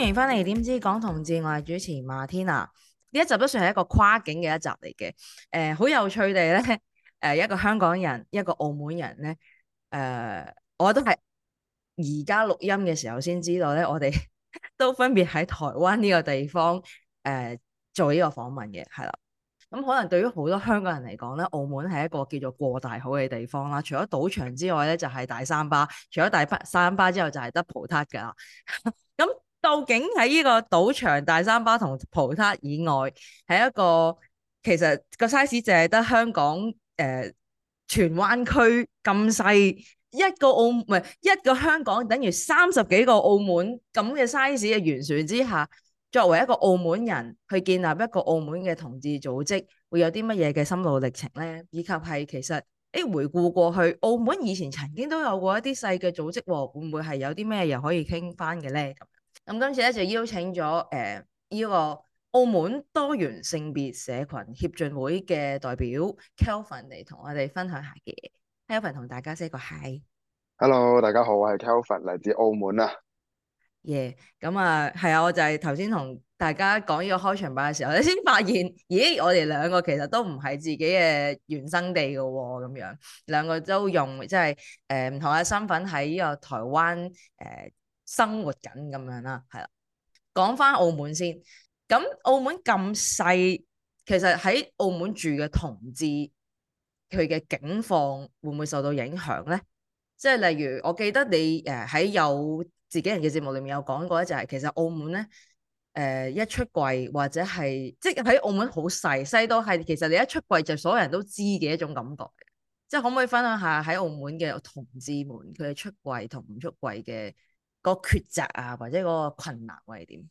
歡迎翻嚟，點止港同志，我係主持馬天娜。呢一集都算係一個跨境嘅一集嚟嘅。誒、呃，好有趣地咧，誒、呃，一個香港人，一個澳門人咧。誒、呃，我都係而家錄音嘅時候先知道咧，我哋 都分別喺台灣呢個地方誒、呃、做呢個訪問嘅，係啦。咁可能對於好多香港人嚟講咧，澳門係一個叫做過大好嘅地方啦。除咗賭場之外咧，就係、是、大三巴。除咗大三巴之後就，就係得葡撻㗎啦。究竟喺呢個賭場、大三巴同葡撻以外，係一個其實個 size 淨係得香港誒，荃灣區咁細一個澳唔係一個香港等於三十幾個澳門咁嘅 size 嘅漁船之下，作為一個澳門人去建立一個澳門嘅同志組織，會有啲乜嘢嘅心路歷程呢？以及係其實誒、欸、回顧過去，澳門以前曾經都有過一啲細嘅組織，會唔會係有啲咩嘢可以傾翻嘅呢？咁今次咧就邀請咗誒呢個澳門多元性別社群協進會嘅代表 Kelvin 嚟同我哋分享下嘅。Kelvin 同大家 say 個 hi，hello 大家好，我係 Kelvin，嚟自澳門 yeah, 啊。耶，咁啊係啊，我就係頭先同大家講呢個開場白嘅時候，我先發現，咦，我哋兩個其實都唔係自己嘅原生地㗎喎、哦，咁樣兩個都用即係誒唔同嘅身份喺呢個台灣誒。呃生活緊咁樣啦，係啦。講翻澳門先，咁澳門咁細，其實喺澳門住嘅同志，佢嘅境況會唔會受到影響咧？即、就、係、是、例如，我記得你誒喺有自己人嘅節目裡面有講過咧、就是，就係其實澳門咧誒、呃、一出櫃或者係即係喺澳門好細，細到係其實你一出櫃就所有人都知嘅一種感覺即係、就是、可唔可以分享下喺澳門嘅同志們佢哋出櫃同唔出櫃嘅？個抉擇啊，或者嗰個困難會係點？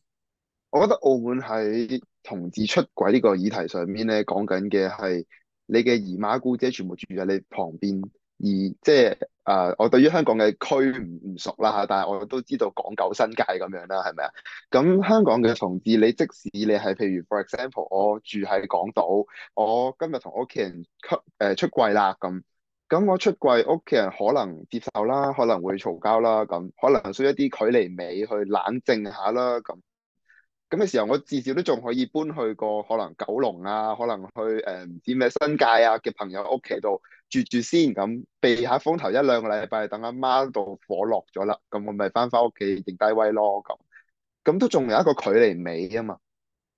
我覺得澳門喺同志出櫃呢個議題上面咧，講緊嘅係你嘅姨媽姑姐全部住喺你旁邊，而即係誒，我對於香港嘅區唔唔熟啦嚇，但係我都知道港九新界咁樣啦，係咪啊？咁香港嘅同志，你即使你係譬如 for example，我住喺港島，我今日同屋企人出出櫃啦咁。咁我出櫃，屋企人可能接受啦，可能會嘈交啦，咁可能需要一啲距離美去冷靜下啦，咁咁嘅時候，我至少都仲可以搬去個可能九龍啊，可能去誒唔、嗯、知咩新界啊嘅朋友屋企度住住先，咁避下風頭一兩個禮拜，等阿媽度火落咗啦，咁我咪翻返屋企定低位咯，咁咁都仲有一個距離美啊嘛。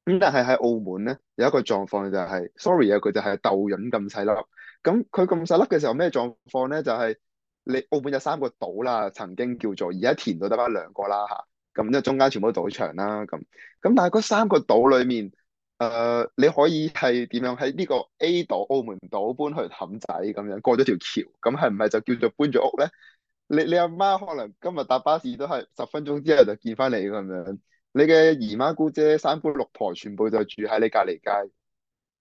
咁但係喺澳門咧有一個狀況就係、是、，sorry 啊，佢就係豆潤咁細粒。咁佢咁細粒嘅時候咩狀況咧？就係、是、你澳門有三個島啦，曾經叫做，而家填到得翻兩個啦嚇。咁即係中間全部都賭場啦。咁咁但係嗰三個島裏面，誒、呃、你可以係點樣喺呢個 A 島澳門島搬去氹仔咁樣過咗條橋？咁係唔係就叫做搬咗屋咧？你你阿媽可能今日搭巴士都係十分鐘之後就見翻你咁樣。你嘅姨媽姑姐三姑六婆全部就住喺你隔離街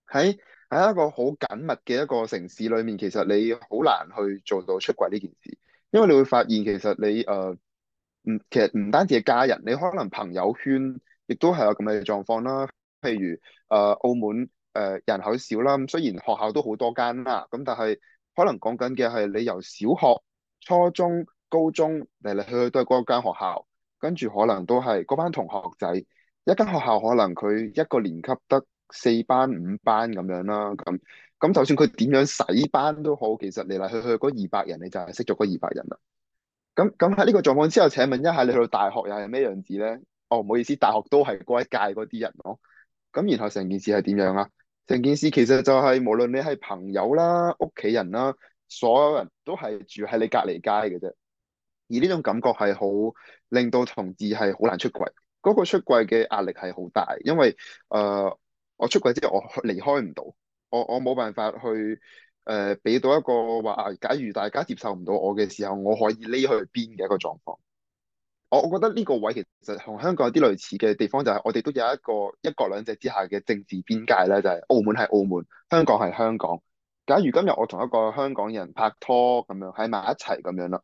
喺。喺一個好緊密嘅一個城市裏面，其實你好難去做到出軌呢件事，因為你會發現其實你誒，嗯、呃，其實唔單止係家人，你可能朋友圈亦都係有咁嘅狀況啦。譬如誒、呃，澳門誒、呃、人口少啦，雖然學校都好多間啦，咁但係可能講緊嘅係你由小學、初中、高中嚟嚟去去都係嗰間學校，跟住可能都係嗰班同學仔一間學校，可能佢一，一個年級得四班五班咁樣啦，咁咁就算佢點樣洗班都好，其實嚟嚟去去嗰二百人，你就係識咗嗰二百人啦。咁咁喺呢個狀況之後，請問一下你去到大學又係咩樣子咧？哦，唔好意思，大學都係嗰一屆嗰啲人咯。咁然後成件事係點樣啊？成件事其實就係、是、無論你係朋友啦、屋企人啦，所有人都係住喺你隔籬街嘅啫。而呢種感覺係好令到同志係好難出櫃，嗰、那個出櫃嘅壓力係好大，因為誒。呃我出櫃之後，我離開唔到，我我冇辦法去誒俾、呃、到一個話啊。假如大家接受唔到我嘅時候，我可以匿去邊嘅一個狀況？我我覺得呢個位其實同香港有啲類似嘅地方，就係我哋都有一個一國兩制之下嘅政治邊界咧，就係、是、澳門係澳門，香港係香港。假如今日我同一個香港人拍拖咁樣喺埋一齊咁樣咯，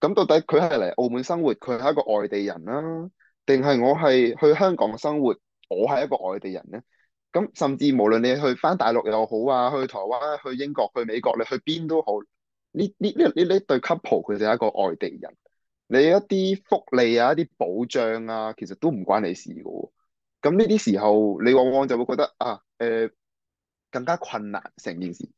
咁到底佢係嚟澳門生活，佢係一個外地人啦、啊，定係我係去香港生活，我係一個外地人咧？咁甚至無論你去翻大陸又好啊，去台灣、去英國、去美國，你去邊都好，呢呢呢呢呢對 couple 佢就係一個外地人，你一啲福利啊、一啲保障啊，其實都唔關你事嘅喎。咁呢啲時候，你往往就會覺得啊，誒、呃、更加困難成件事。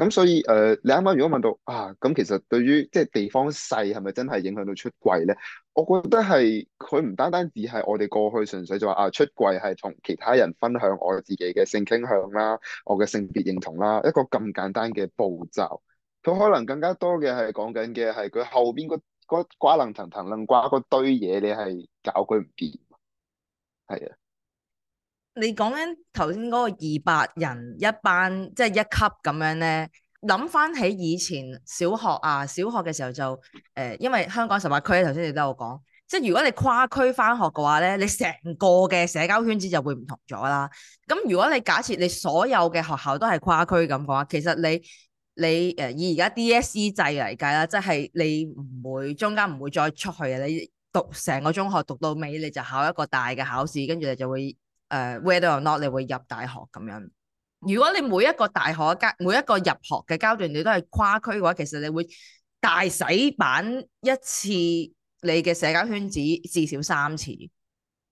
咁所以誒，你啱啱如果問到啊，咁其實對於即係地方細係咪真係影響到出櫃咧？我覺得係佢唔單單只係我哋過去純粹就話啊出櫃係同其他人分享我自己嘅性傾向啦、我嘅性別認同啦，一個咁簡單嘅步驟，佢可能更加多嘅係講緊嘅係佢後邊嗰瓜棱騰騰楞掛嗰堆嘢，你係搞佢唔掂，係啊。你講緊頭先嗰個二百人一班，即係一級咁樣咧，諗翻起以前小學啊，小學嘅時候就誒、呃，因為香港十八區咧，頭先你都有講，即係如果你跨區翻學嘅話咧，你成個嘅社交圈子就會唔同咗啦。咁如果你假設你所有嘅學校都係跨區咁講，其實你你誒以而家 DSE 制嚟計啦，即係你唔會中間唔會再出去，你讀成個中學讀到尾，你就考一個大嘅考試，跟住你就會。誒、uh,，whether or not 你會入大學咁樣，如果你每一個大學階，每一個入學嘅階段，你都係跨區嘅話，其實你會大洗版一次你嘅社交圈子至少三次，即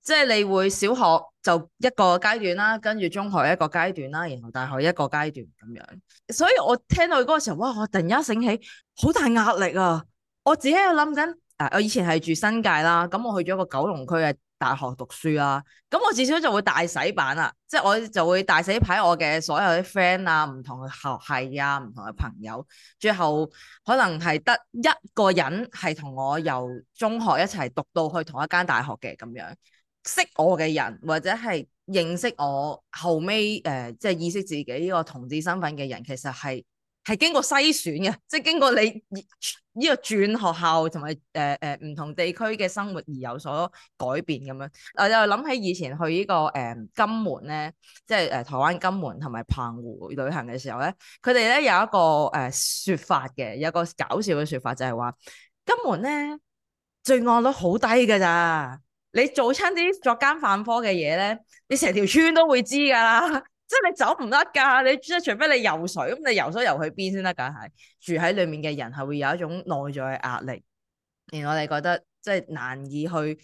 係你會小學就一個階段啦，跟住中學一個階段啦，然後大學一個階段咁樣。所以我聽到嗰個時候，哇！我突然間醒起，好大壓力啊！我自己喺度諗緊，誒、啊，我以前係住新界啦，咁我去咗個九龍區嘅、啊。大學讀書啊，咁我至少就會大洗版啦，即係我就會大洗牌我嘅所有啲 friend 啊，唔同嘅學系啊，唔同嘅朋友，最後可能係得一個人係同我由中學一齊讀到去同一間大學嘅咁樣，識我嘅人或者係認識我後尾，誒即係意識自己呢個同志身份嘅人，其實係。係經過篩選嘅，即係經過你呢個轉學校同埋誒誒唔同地區嘅生活而有所改變咁樣。嗱，又諗起以前去呢個誒、呃、金門咧，即係誒、呃、台灣金門同埋澎湖旅行嘅時候咧，佢哋咧有一個誒説法嘅，有一個搞笑嘅説法就係話金門咧罪案率好低㗎咋，你做親啲作奸犯科嘅嘢咧，你成條村都會知㗎喇。 即係你走唔得㗎，你即係除非你游水，咁你游水游去邊先得㗎？梗係住喺裡面嘅人係會有一種內在嘅壓力，而我哋覺得即係難以去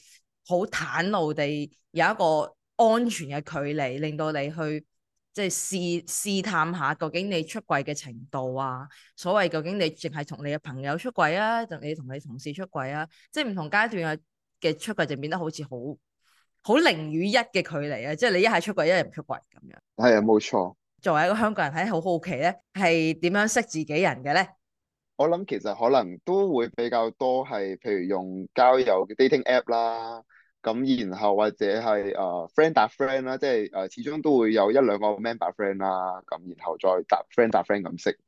好坦露地有一個安全嘅距離，令到你去即係試試探下究竟你出櫃嘅程度啊，所謂究竟你淨係同你嘅朋友出櫃啊，定你同你同事出櫃啊？即係唔同階段嘅嘅出櫃就變得好似好，好零與一嘅距離，就是、啊！即係你一係出櫃，一係唔出櫃咁樣。係啊，冇錯。作為一個香港人，係好好奇咧，係點樣識自己人嘅咧？我諗其實可能都會比較多係，譬如用交友嘅 dating app 啦，咁然後或者係誒、uh, friend 搭 friend 啦，即係誒始終都會有一兩個 man 搭 friend 啦，咁然後再搭 friend 搭 friend 咁識。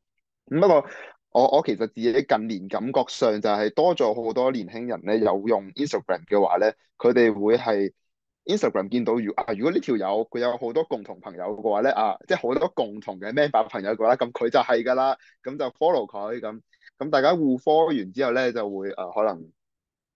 咁不過我我其實自己近年感覺上就係多咗好多年輕人咧，有用 Instagram 嘅話咧，佢哋會係。Instagram 見到如啊，如果呢條友佢有好多共同朋友嘅話咧，啊，即係好多共同嘅 man 把朋友嘅話，咁佢就係㗎啦，咁就 follow 佢咁咁，大家互 follow 完之後咧，就會啊，可能誒、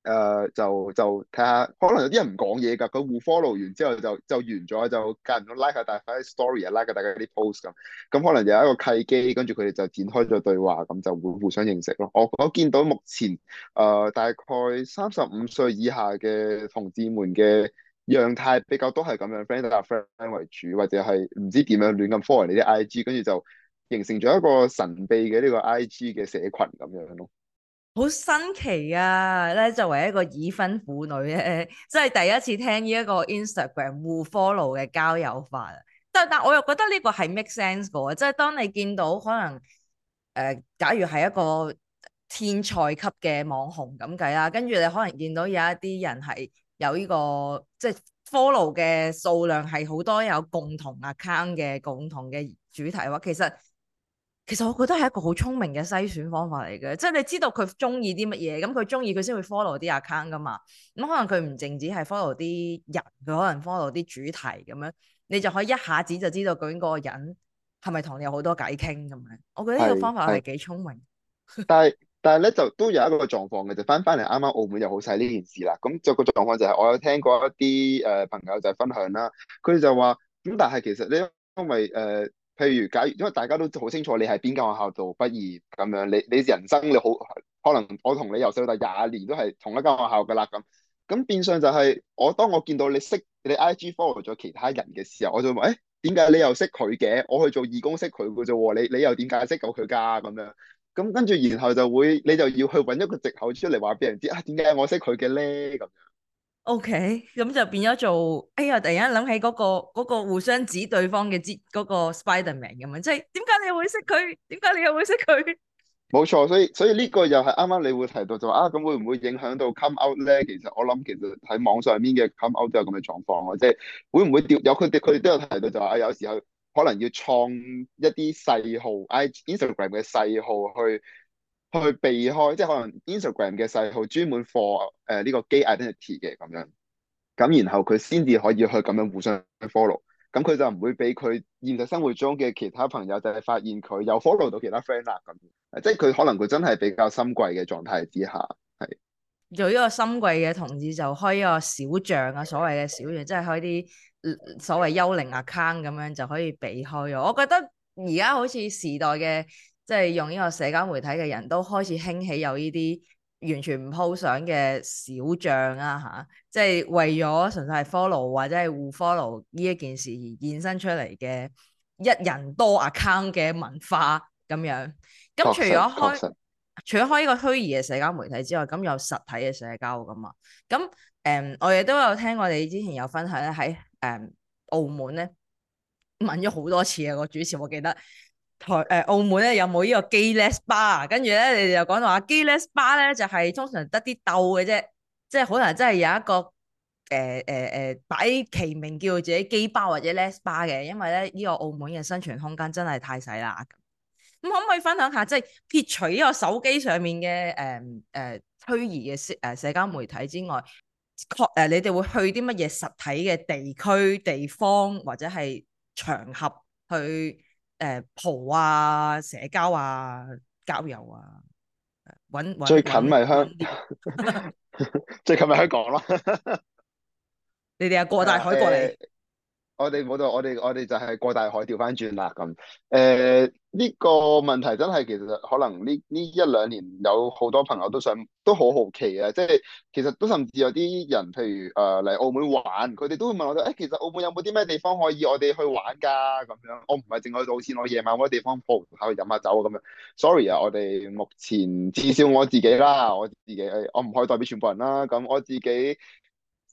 呃、就就睇下，可能有啲人唔講嘢㗎，佢互 follow 完之後就就完咗，就間唔中 like 下、啊大，啊 like 啊、大家啲 story 啊，like 下大家啲 post 咁咁，可能有一個契機，跟住佢哋就展開咗對話，咁就會互相認識咯。我我見到目前誒、呃、大概三十五歲以下嘅同志們嘅。樣態比較都係咁樣，friend 搭 friend 為主，或者係唔知點樣亂咁 follow 你啲 IG，跟住就形成咗一個神秘嘅呢個 IG 嘅社群咁樣咯。好新奇啊！咧作為一個已婚婦女咧，真 係第一次聽呢一個 Instagram 互 follow 嘅交友法啊！但但我又覺得呢個係 make sense 嘅，即係當你見到可能誒、呃，假如係一個天才級嘅網紅咁計啦，跟住你可能見到有一啲人係。有呢個即係 follow 嘅數量係好多有共同 account 嘅共同嘅主題嘅話，其實其實我覺得係一個好聰明嘅篩選方法嚟嘅，即係你知道佢中意啲乜嘢，咁佢中意佢先會 follow 啲 account 㗎嘛，咁可能佢唔淨止係 follow 啲人，佢可能 follow 啲主題咁樣，你就可以一下子就知道究竟嗰個人係咪同你有好多偈傾咁樣。我覺得呢個方法係對幾聰明對。但係。但係咧就都有一個狀況嘅，就翻翻嚟啱啱澳門又好細呢件事啦。咁就個狀況就係、是、我有聽過一啲誒、呃、朋友就係分享啦，佢哋就話咁，但係其實咧因為誒，譬如假如因為大家都好清楚你係邊間學校度畢業咁樣，你你人生你好可能我同你由細到大廿年都係同一間學校噶啦咁，咁變相就係、是、我當我見到你識你 I G follow 咗其他人嘅時候，我就話誒點解你又識佢嘅？我去做義工識佢嘅啫喎，你你又點解識到佢㗎咁樣？咁跟住，然後就會你就要去揾一個藉口出嚟話俾人知啊，點解我識佢嘅咧？咁 OK，咁就變咗做，哎呀！突然間諗起嗰個嗰個互相指對方嘅之嗰個 Spiderman 咁樣，即係點解你會識佢？點解你又會識佢？冇錯，所以所以呢個又係啱啱你會提到就話啊，咁會唔會影響到 come out 咧？其實我諗其實喺網上面嘅 come out 都有咁嘅狀況咯，即係會唔會掉有佢哋佢哋都有提到就話啊，有時候。可能要創一啲細號，Instagram 嘅細號去去避開，即係可能 Instagram 嘅細號專門放誒呢個 gay identity 嘅咁樣，咁然後佢先至可以去咁樣互相去 follow，咁佢就唔會俾佢現實生活中嘅其他朋友就係發現佢有 follow 到其他 friend 啦，咁，即係佢可能佢真係比較深櫃嘅狀態之下，係。做依個深櫃嘅同志就開一個小帳啊，所謂嘅小帳，即係開啲。所謂幽靈 account 咁樣就可以避開咗。我覺得而家好似時代嘅，即係用呢個社交媒體嘅人都開始興起有呢啲完全唔 po 相嘅小將啊。吓，即係為咗純粹係 follow 或者係互 follow 呢一件事而衍生出嚟嘅一人多 account 嘅文化咁樣。咁除咗開，除咗開呢個虛擬嘅社交媒體之外，咁有實體嘅社交噶嘛？咁誒，我亦都有聽我哋之前有分享咧喺。誒、嗯，澳門呢問咗好多次啊，個主持我記得台誒、呃、澳門呢有冇呢個 gay les bar？跟住呢你哋又講到話 gay les bar 呢就係、是、通常得啲鬥嘅啫，即係可能真係有一個誒誒誒擺其名叫自己 gay bar 或者 les bar 嘅，因為呢呢、這個澳門嘅生存空間真係太細啦。咁可唔可以分享下，即係撇除呢個手機上面嘅誒誒虛擬嘅社誒、呃、社交媒體之外？確誒，你哋會去啲乜嘢實體嘅地區、地方或者係場合去誒蒲、呃、啊、社交啊、交友啊，揾最近咪香 最近咪香港咯 你哋啊過大海過嚟啊。欸。我哋冇到，我哋我哋就係過大海調翻轉啦咁。誒呢個問題真係其實可能呢呢一兩年有好多朋友都想都好好奇啊，即係其實都甚至有啲人譬如誒嚟澳門玩，佢哋都會問我哋誒其實澳門有冇啲咩地方可以我哋去玩㗎咁樣？我唔係淨係去到好似我夜晚嗰啲地方鋪去飲下酒啊咁樣。Sorry 啊，我哋目前至少我自己啦，我自己我唔可以代表全部人啦。咁我自己。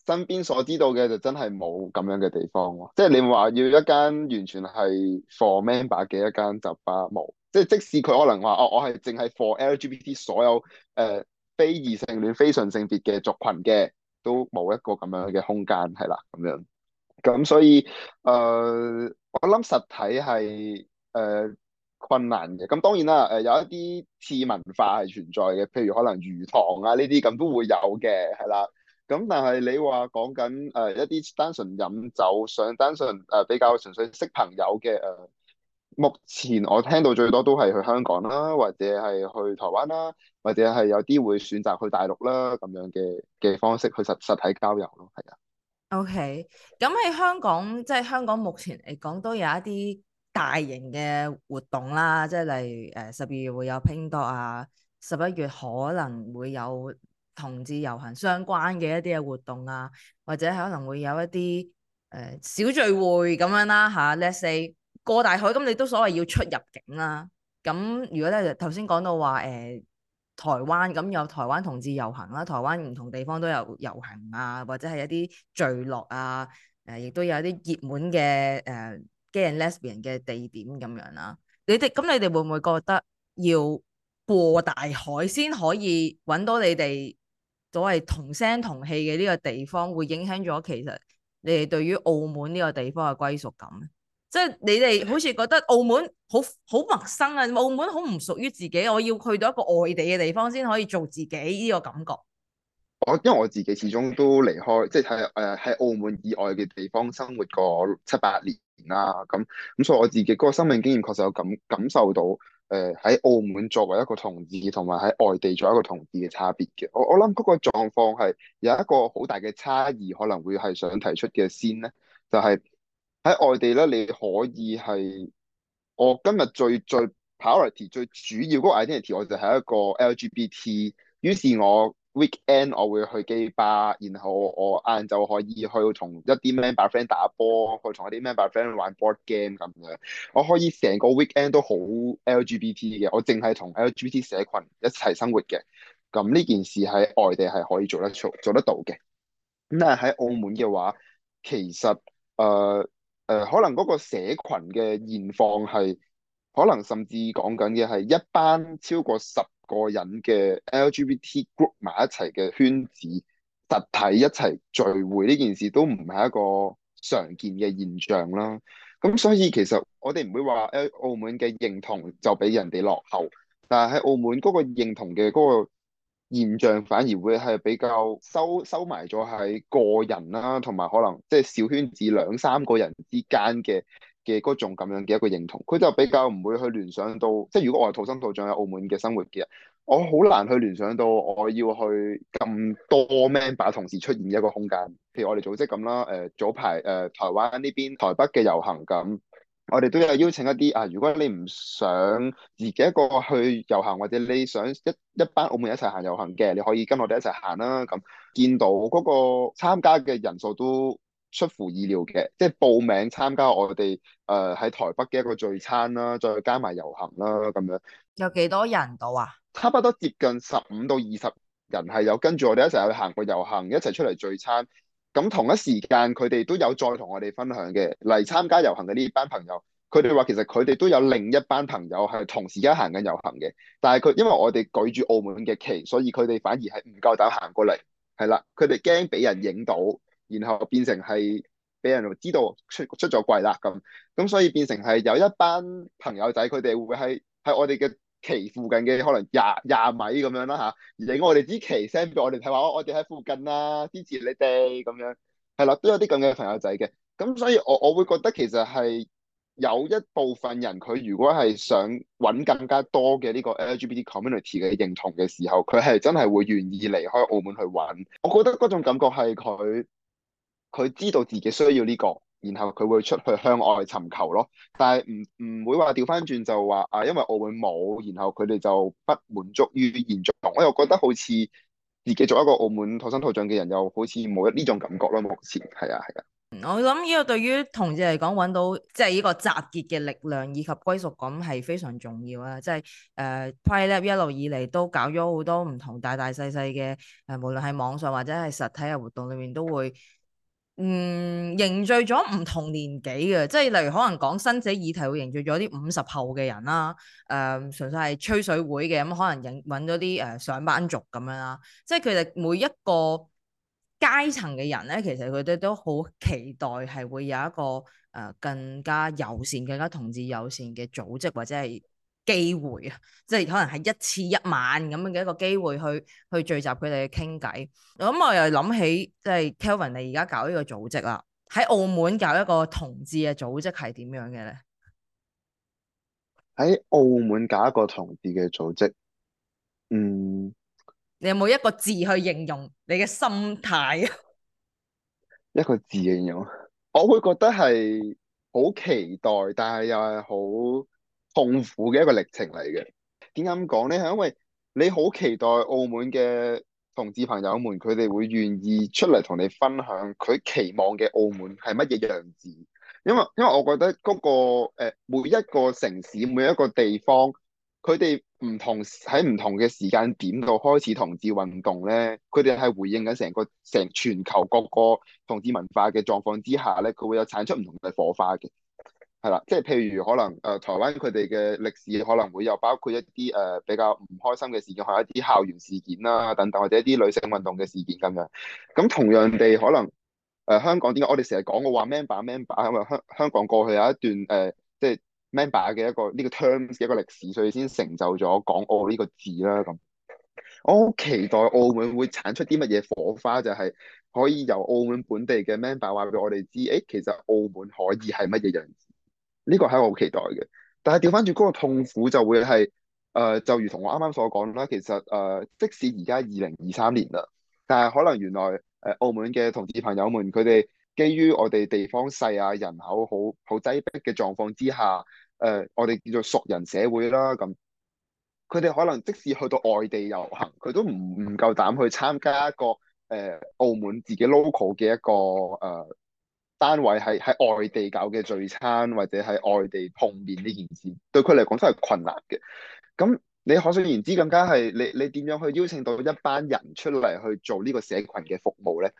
身邊所知道嘅就真係冇咁樣嘅地方咯，啊，即係你話要一間完全係 for member 嘅一間酒吧冇，即係即使佢可能話哦，我係淨係 for LGBT 所有誒非異性戀、非純性別嘅族群嘅，都冇一個咁樣嘅空間係啦，咁樣。咁所以誒，我諗實體係誒困難嘅。咁當然啦，誒有一啲次文化係存在嘅，譬如可能魚塘啊呢啲咁都會有嘅，係啦。咁但係你話講緊誒一啲單純飲酒，想單純誒、呃、比較純粹識朋友嘅誒、呃，目前我聽到最多都係去香港啦，或者係去台灣啦，或者係有啲會選擇去大陸啦，咁樣嘅嘅方式去實實體交友咯，係啊。OK，咁喺香港即係、就是、香港目前嚟講都有一啲大型嘅活動啦，即係例如誒十二月會有拼多啊，十一月可能會有。同志遊行相關嘅一啲嘅活動啊，或者可能會有一啲誒、呃、小聚會咁樣啦、啊、嚇。啊、Let’s say 過大海咁，你都所謂要出入境啦、啊。咁如果咧頭先講到話誒、呃、台灣咁有台灣同志遊行啦、啊，台灣唔同地方都有遊行啊，或者係一啲聚落啊，誒、啊、亦都有一啲熱門嘅誒、呃、gay and lesbian 嘅地點咁樣啦、啊。你哋咁，你哋會唔會覺得要過大海先可以揾到你哋？所謂同聲同氣嘅呢個地方，會影響咗其實你哋對於澳門呢個地方嘅歸屬感，即係你哋好似覺得澳門好好陌生啊，澳門好唔屬於自己，我要去到一個外地嘅地方先可以做自己呢個感覺。我因為我自己始終都離開，即係喺誒喺澳門以外嘅地方生活過七八年啦啊，咁咁所以我自己嗰個生命經驗確實有感感受到。誒，喺澳門作為一個同志，同埋喺外地作為一個同志嘅差別嘅，我我諗嗰個狀況係有一個好大嘅差異，可能會係想提出嘅先咧，就係、是、喺外地咧，你可以係我今日最最 priority 最主要嗰個 identity，我就係一個 LGBT，於是我。weekend 我會去基吧，然後我晏晝可以去同一啲 member friend 打波，去同一啲 member friend 玩 board game 咁樣。我可以成個 weekend 都好 LGBT 嘅，我淨係同 LGBT 社群一齊生活嘅。咁呢件事喺外地係可以做得出、做得到嘅。咁但係喺澳門嘅話，其實誒誒、呃呃，可能嗰個社群嘅現況係可能甚至講緊嘅係一班超過十個人嘅 LGBT group 埋一齊嘅圈子，實體一齊聚會呢件事都唔係一個常見嘅現象啦。咁所以其實我哋唔會話，誒，澳門嘅認同就比人哋落後，但係喺澳門嗰個認同嘅嗰個現象反而會係比較收收埋咗喺個人啦，同埋可能即係小圈子兩三個人之間嘅。嘅嗰種咁樣嘅一個認同，佢就比較唔會去聯想到，即係如果我係土生土長喺澳門嘅生活嘅人，我好難去聯想到我要去咁多 member 同時出現嘅一個空間，譬如我哋組織咁啦，誒、呃、早排誒、呃、台灣呢邊台北嘅遊行咁，我哋都有邀請一啲啊，如果你唔想自己一個去遊行，或者你想一一班澳門一齊行遊行嘅，你可以跟我哋一齊行啦。咁見到嗰個參加嘅人數都，出乎意料嘅，即係報名參加我哋誒喺台北嘅一個聚餐啦，再加埋遊行啦咁樣。有幾多人到啊？差不多接近十五到二十人係有跟住我哋一齊去行過遊行，一齊出嚟聚餐。咁同一時間，佢哋都有再同我哋分享嘅嚟參加遊行嘅呢班朋友。佢哋話其實佢哋都有另一班朋友係同時間行緊遊行嘅，但係佢因為我哋舉住澳門嘅旗，所以佢哋反而係唔夠膽行過嚟。係啦，佢哋驚俾人影到。然後變成係俾人知道出出咗櫃啦咁，咁所以變成係有一班朋友仔，佢哋會喺喺我哋嘅旗附近嘅可能廿廿米咁樣啦吓，而我哋啲旗 send 俾我哋睇話，我哋喺附近啦、啊，支持你哋咁樣，係啦，都有啲咁嘅朋友仔嘅，咁所以我我會覺得其實係有一部分人，佢如果係想搵更加多嘅呢個 LGBT community 嘅認同嘅時候，佢係真係會願意離開澳門去搵，我覺得嗰種感覺係佢。佢知道自己需要呢個，然後佢會出去向外尋求咯。但係唔唔會話調翻轉就話啊，因為澳門冇，然後佢哋就不滿足於現狀。我又覺得好似自己做一個澳門土生土長嘅人，又好似冇呢種感覺咯。目前係啊係啊，我諗呢個對於同志嚟講，揾到即係呢個集結嘅力量以及歸屬感係非常重要啊。即係誒 Pride Lab 一路以嚟都搞咗好多唔同大大細細嘅誒，無論係網上或者係實體嘅活動裏面都會。嗯，凝聚咗唔同年紀嘅，即係例如可能講新社議題會凝聚咗啲五十後嘅人啦，誒、呃，純粹係吹水會嘅，咁可能引揾咗啲誒上班族咁樣啦，即係佢哋每一個階層嘅人咧，其實佢哋都好期待係會有一個誒更加友善、更加同志友善嘅組織或者係，機會啊，即係可能係一次一晚咁樣嘅一個機會去，去去聚集佢哋去傾偈。咁、嗯、我又諗起，即、就、係、是、Kelvin 你而家搞呢個組織啦，喺澳門搞一個同志嘅組織係點樣嘅咧？喺澳門搞一個同志嘅組織，嗯，你有冇一個字去形容你嘅心態啊？ 一個字形容，我會覺得係好期待，但係又係好。痛苦嘅一個歷程嚟嘅，點解咁講咧？係因為你好期待澳門嘅同志朋友們，佢哋會願意出嚟同你分享佢期望嘅澳門係乜嘢樣子。因為因為我覺得嗰、嗰個、呃、每一個城市每一個地方，佢哋唔同喺唔同嘅時間點度開始同志運動咧，佢哋係回應緊成個成全球各個同志文化嘅狀況之下咧，佢會有產出唔同嘅火花嘅。係啦，即係譬如可能誒，台灣佢哋嘅歷史可能會有包括一啲誒比較唔開心嘅事件，係一啲校園事件啦，等等，或者一啲女性運動嘅事件咁樣。咁同樣地，可能誒、呃、香港點解我哋成日講嘅話 member member 咁啊？香香港過去有一段誒，即、呃、係、就是、member 嘅一個呢、這個 terms 一個歷史，所以先成就咗港澳呢個字啦。咁我好期待澳門會產出啲乜嘢火花，就係、是、可以由澳門本地嘅 member 話俾我哋知，誒、欸、其實澳門可以係乜嘢樣。呢個係我好期待嘅，但係調翻轉嗰個痛苦就會係誒、呃，就如同我啱啱所講啦。其實誒、呃，即使而家二零二三年啦，但係可能原來誒、呃、澳門嘅同志朋友們佢哋，基於我哋地方細啊、人口好好擠迫嘅狀況之下，誒、呃、我哋叫做熟人社會啦咁，佢哋可能即使去到外地遊行，佢都唔唔夠膽去參加一個誒、呃、澳門自己 local 嘅一個誒、呃單位係喺外地搞嘅聚餐，或者喺外地碰面呢件事，對佢嚟講真係困難嘅。咁你可想而知，更加係你你點樣去邀請到一班人出嚟去做呢個社群嘅服務咧？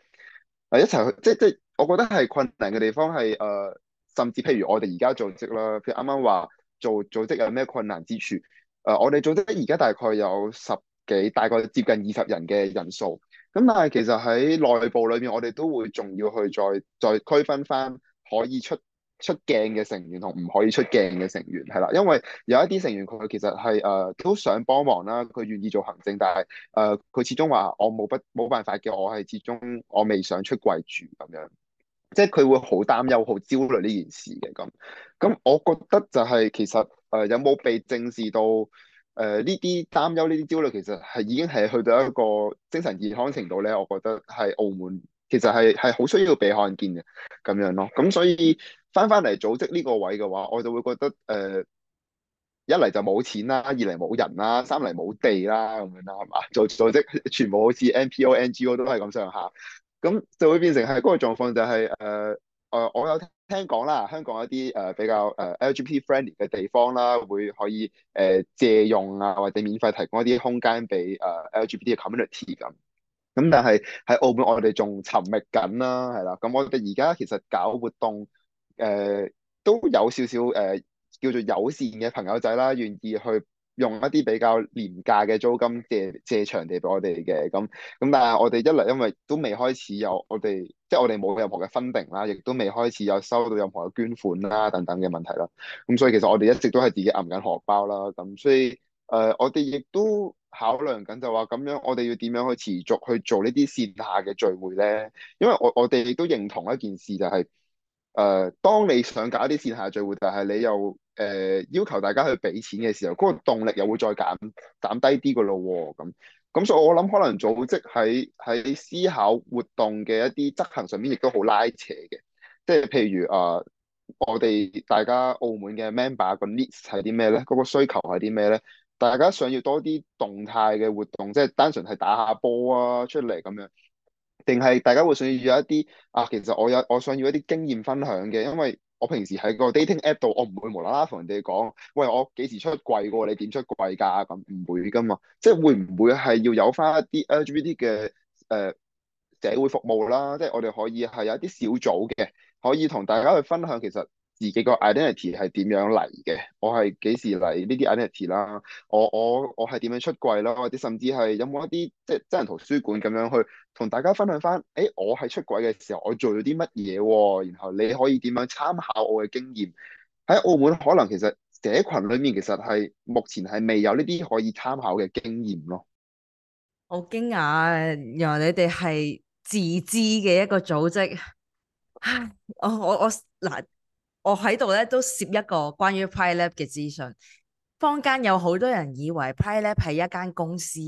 啊，一齊去即係即係，我覺得係困難嘅地方係誒、呃，甚至譬如我哋而家組織啦，譬如啱啱話做組織有咩困難之處？誒、呃，我哋組織而家大概有十幾，大概接近二十人嘅人數。咁但係其實喺內部裏面，我哋都會仲要去再再區分翻可以出出鏡嘅成員同唔可以出鏡嘅成員，係啦，因為有一啲成員佢其實係誒、uh, 都想幫忙啦，佢願意做行政，但係誒佢始終話我冇不冇辦法嘅，我係始終我未想出櫃住咁樣，即係佢會好擔憂、好焦慮呢件事嘅咁。咁我覺得就係其實誒、uh, 有冇被正視到？誒呢啲擔憂，呢啲焦慮，其實係已經係去到一個精神健康程度咧，我覺得係澳門其實係係好需要被看見嘅咁樣咯。咁所以翻翻嚟組織呢個位嘅話，我就會覺得誒、呃，一嚟就冇錢啦，二嚟冇人啦，三嚟冇地啦，咁樣啦，係嘛？做組織全部好似 NPO NGO 都係咁上下，咁就會變成係嗰個狀況就係誒誒，我有。聽講啦，香港一啲誒比較誒 LGBT friendly 嘅地方啦，會可以誒、呃、借用啊，或者免費提供一啲空間俾誒 LGBT 嘅 community 咁。咁但係喺澳門，我哋仲尋覓緊啦，係啦。咁我哋而家其實搞活動誒、呃、都有少少誒、呃、叫做友善嘅朋友仔啦，願意去用一啲比較廉價嘅租金借借場地俾我哋嘅，咁咁，但係我哋一嚟因為都未開始有我哋即係我哋冇任何嘅 funding 啦，亦都未開始有收到任何嘅捐款啦等等嘅問題啦。咁所以其實我哋一直都係自己揞緊荷包啦。咁所以誒、呃，我哋亦都考量緊就話咁樣，我哋要點樣去持續去做呢啲線下嘅聚會咧？因為我我哋亦都認同一件事就係、是。誒、呃，當你想搞啲線下聚會，但係你又誒、呃、要求大家去俾錢嘅時候，嗰、那個動力又會再減減低啲噶咯，咁咁所以我諗可能組織喺喺思考活動嘅一啲執行上面亦都好拉扯嘅，即係譬如啊、呃，我哋大家澳門嘅 member 個 list 係啲咩咧？嗰、那個需求係啲咩咧？大家想要多啲動態嘅活動，即係單純係打下波啊出嚟咁樣，定係大家會想要有一啲啊，其實我有我想要一啲經驗分享嘅，因為我平時喺個 dating app 度，我唔會無啦啦同人哋講，喂，我幾時出櫃喎？你點出櫃㗎？咁唔會噶嘛，即係會唔會係要有翻一啲 LGBT 嘅誒、呃、社會服務啦？即係我哋可以係有一啲小組嘅，可以同大家去分享其實。自己個 identity 係點樣嚟嘅？我係幾時嚟呢啲 identity 啦？我我我係點樣出櫃啦？或者甚至係有冇一啲即係真人圖書館咁樣去同大家分享翻？誒、欸，我係出櫃嘅時候，我做咗啲乜嘢？然後你可以點樣參考我嘅經驗？喺澳門可能其實社群裡面其實係目前係未有呢啲可以參考嘅經驗咯。好驚訝，原來你哋係自知嘅一個組織。啊、我我我嗱～我喺度咧，都涉一個關於 PrideLab 嘅資訊。資訊坊間有好多人以為 PrideLab 係一間公司，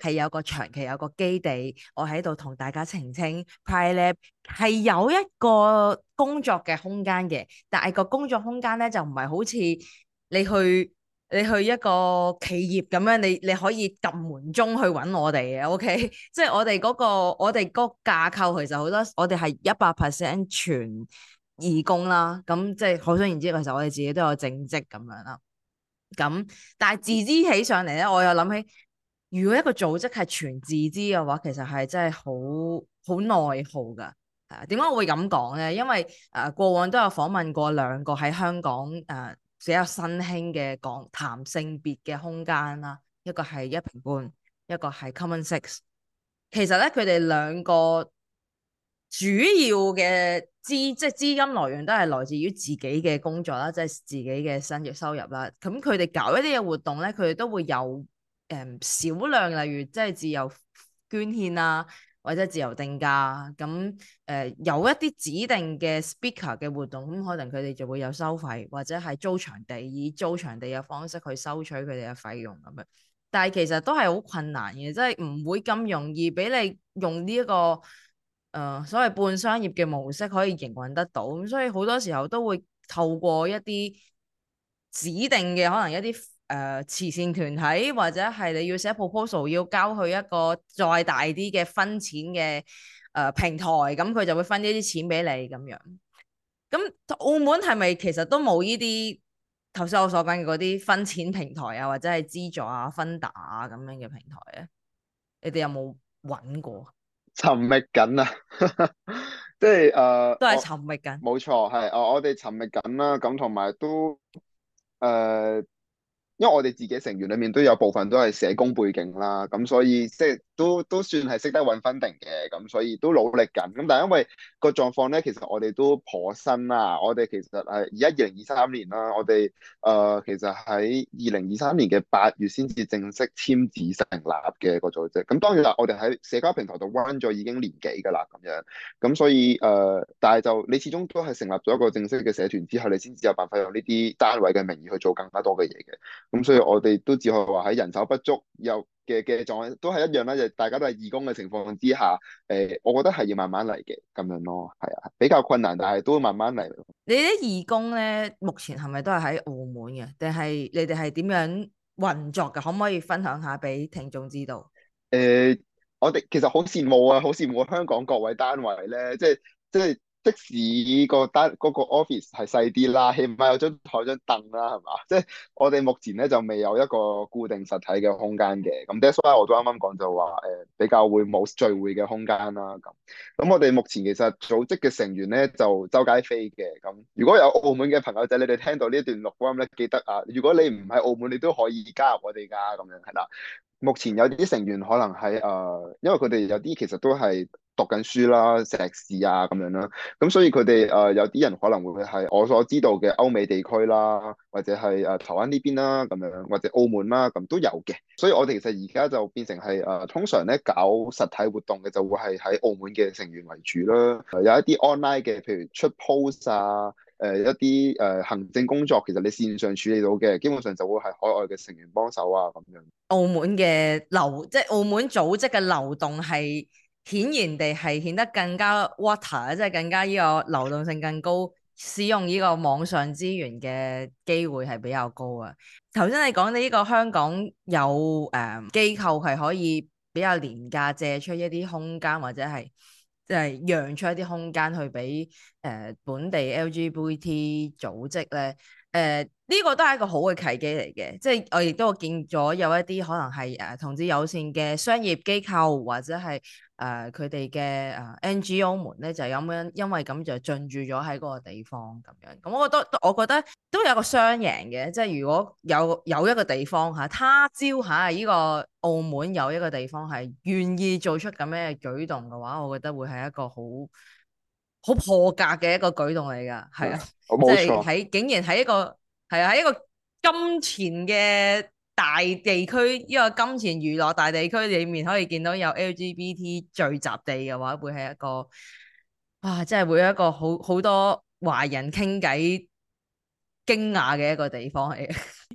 係有個長期有個基地。我喺度同大家澄清 PrideLab 係有一個工作嘅空間嘅，但係個工作空間咧，就唔係好似你去你去一個企業咁樣，你你可以撳門鐘去搵我哋嘅。OK，即係我哋嗰、個我哋個架構其實好多，我哋係一百 percent 全。義工啦，咁即係可想而知，其實我哋自己都有正職咁樣啦。咁，但係自資起上嚟咧，我又諗起，如果一個組織係全自資嘅話，其實係真係好好內耗㗎。啊、點解我會咁講咧？因為誒、呃、過往都有訪問過兩個喺香港誒比較新興嘅講談性別嘅空間啦，一個係一平半，一個係 Common Sex。其實咧，佢哋兩個，主要嘅資即係資金來源都係來自於自己嘅工作啦，即係自己嘅生業收入啦。咁佢哋搞一啲嘅活動咧，佢哋都會有誒少、嗯、量，例如即係自由捐獻啊，或者自由定價。咁誒、呃、有一啲指定嘅 speaker 嘅活動，咁可能佢哋就會有收費，或者係租場地以租場地嘅方式去收取佢哋嘅費用咁樣。但係其實都係好困難嘅，即係唔會咁容易俾你用呢、這、一個。誒、uh, 所謂半商業嘅模式可以營運得到，咁所以好多時候都會透過一啲指定嘅可能一啲誒、呃、慈善團體，或者係你要寫 proposal 要交去一個再大啲嘅分錢嘅誒、呃、平台，咁佢就會分呢啲錢俾你咁樣。咁澳門係咪其實都冇呢啲頭先我所講嘅嗰啲分錢平台啊，或者係資助啊、分打啊咁樣嘅平台咧？你哋有冇揾過？沉迷緊啊，即係誒，都係沉迷緊。冇錯，係哦，uh, 我哋沉迷緊啦，咁同埋都誒。Uh, 因為我哋自己成員裏面都有部分都係社工背景啦，咁所以即係都都算係識得搵 funding 嘅，咁所以都努力緊，咁但係因為個狀況咧，其實我哋都頗新啦，我哋其實係而家二零二三年啦，我哋誒、呃、其實喺二零二三年嘅八月先至正式簽字成立嘅一個組織，咁當然啦、啊，我哋喺社交平台度 run 咗已經年幾噶啦，咁樣，咁所以誒、呃，但係就你始終都係成立咗一個正式嘅社團之後，你先至有辦法用呢啲單位嘅名義去做更加多嘅嘢嘅。咁所以，我哋都只可以話喺人手不足有嘅嘅狀態，都係一樣啦，就大家都係義工嘅情況之下，誒、呃，我覺得係要慢慢嚟嘅，咁樣咯，係啊，比較困難，但係都會慢慢嚟。你啲義工咧，目前係咪都係喺澳門嘅？定係你哋係點樣運作嘅？可唔可以分享下俾聽眾知道？誒、呃，我哋其實好羨慕啊，好羨慕、好羨慕啊、香港各位單位咧，即係即係。即使個單嗰 office 係細啲啦，起碼有張台、張凳啦，係嘛？即係我哋目前咧就未有一個固定實體嘅空間嘅。咁 despite 我都啱啱講就話誒、呃，比較會冇聚會嘅空間啦。咁咁我哋目前其實組織嘅成員咧就周街飛嘅。咁如果有澳門嘅朋友仔，你哋聽到呢一段錄音咧，記得啊，如果你唔喺澳門，你都可以加入我哋噶、啊。咁樣係啦。目前有啲成員可能喺誒、呃，因為佢哋有啲其實都係。讀緊書啦、碩士啊咁樣啦，咁、嗯、所以佢哋誒有啲人可能會係我所知道嘅歐美地區啦，或者係誒、呃、台灣呢邊啦咁樣，或者澳門啦、啊、咁都有嘅。所以我哋其實而家就變成係誒、呃、通常咧搞實體活動嘅就會係喺澳門嘅成員為主啦。呃、有一啲 online 嘅，譬如出 post 啊，誒、呃、一啲誒、呃、行政工作，其實你線上處理到嘅，基本上就會係海外嘅成員幫手啊咁樣。澳門嘅流即係澳門組織嘅流動係。顯然地係顯得更加 water 即係更加呢個流動性更高，使用呢個網上資源嘅機會係比較高啊。頭先你講你呢個香港有誒、呃、機構係可以比較廉價借出一啲空間，或者係即係讓出一啲空間去俾誒、呃、本地 LGBT 組織咧，誒、呃、呢、這個都係一個好嘅契機嚟嘅。即係我亦都見咗有一啲可能係誒同志友善嘅商業機構或者係。誒佢哋嘅誒 NGO 門咧就咁樣，因為咁就進駐咗喺嗰個地方咁樣。咁我覺得，我覺得都有個雙贏嘅，即係如果有有一個地方嚇、啊，他朝嚇呢個澳門有一個地方係願意做出咁樣嘅舉動嘅話，我覺得會係一個好好破格嘅一個舉動嚟噶，係啊，即係喺竟然喺一個係啊係一個金錢嘅。大地區呢個金錢娛樂大地區裏面可以見到有 LGBT 聚集地嘅話，會係一個即真係會有一個好好多華人傾偈驚訝嘅一個地方喺。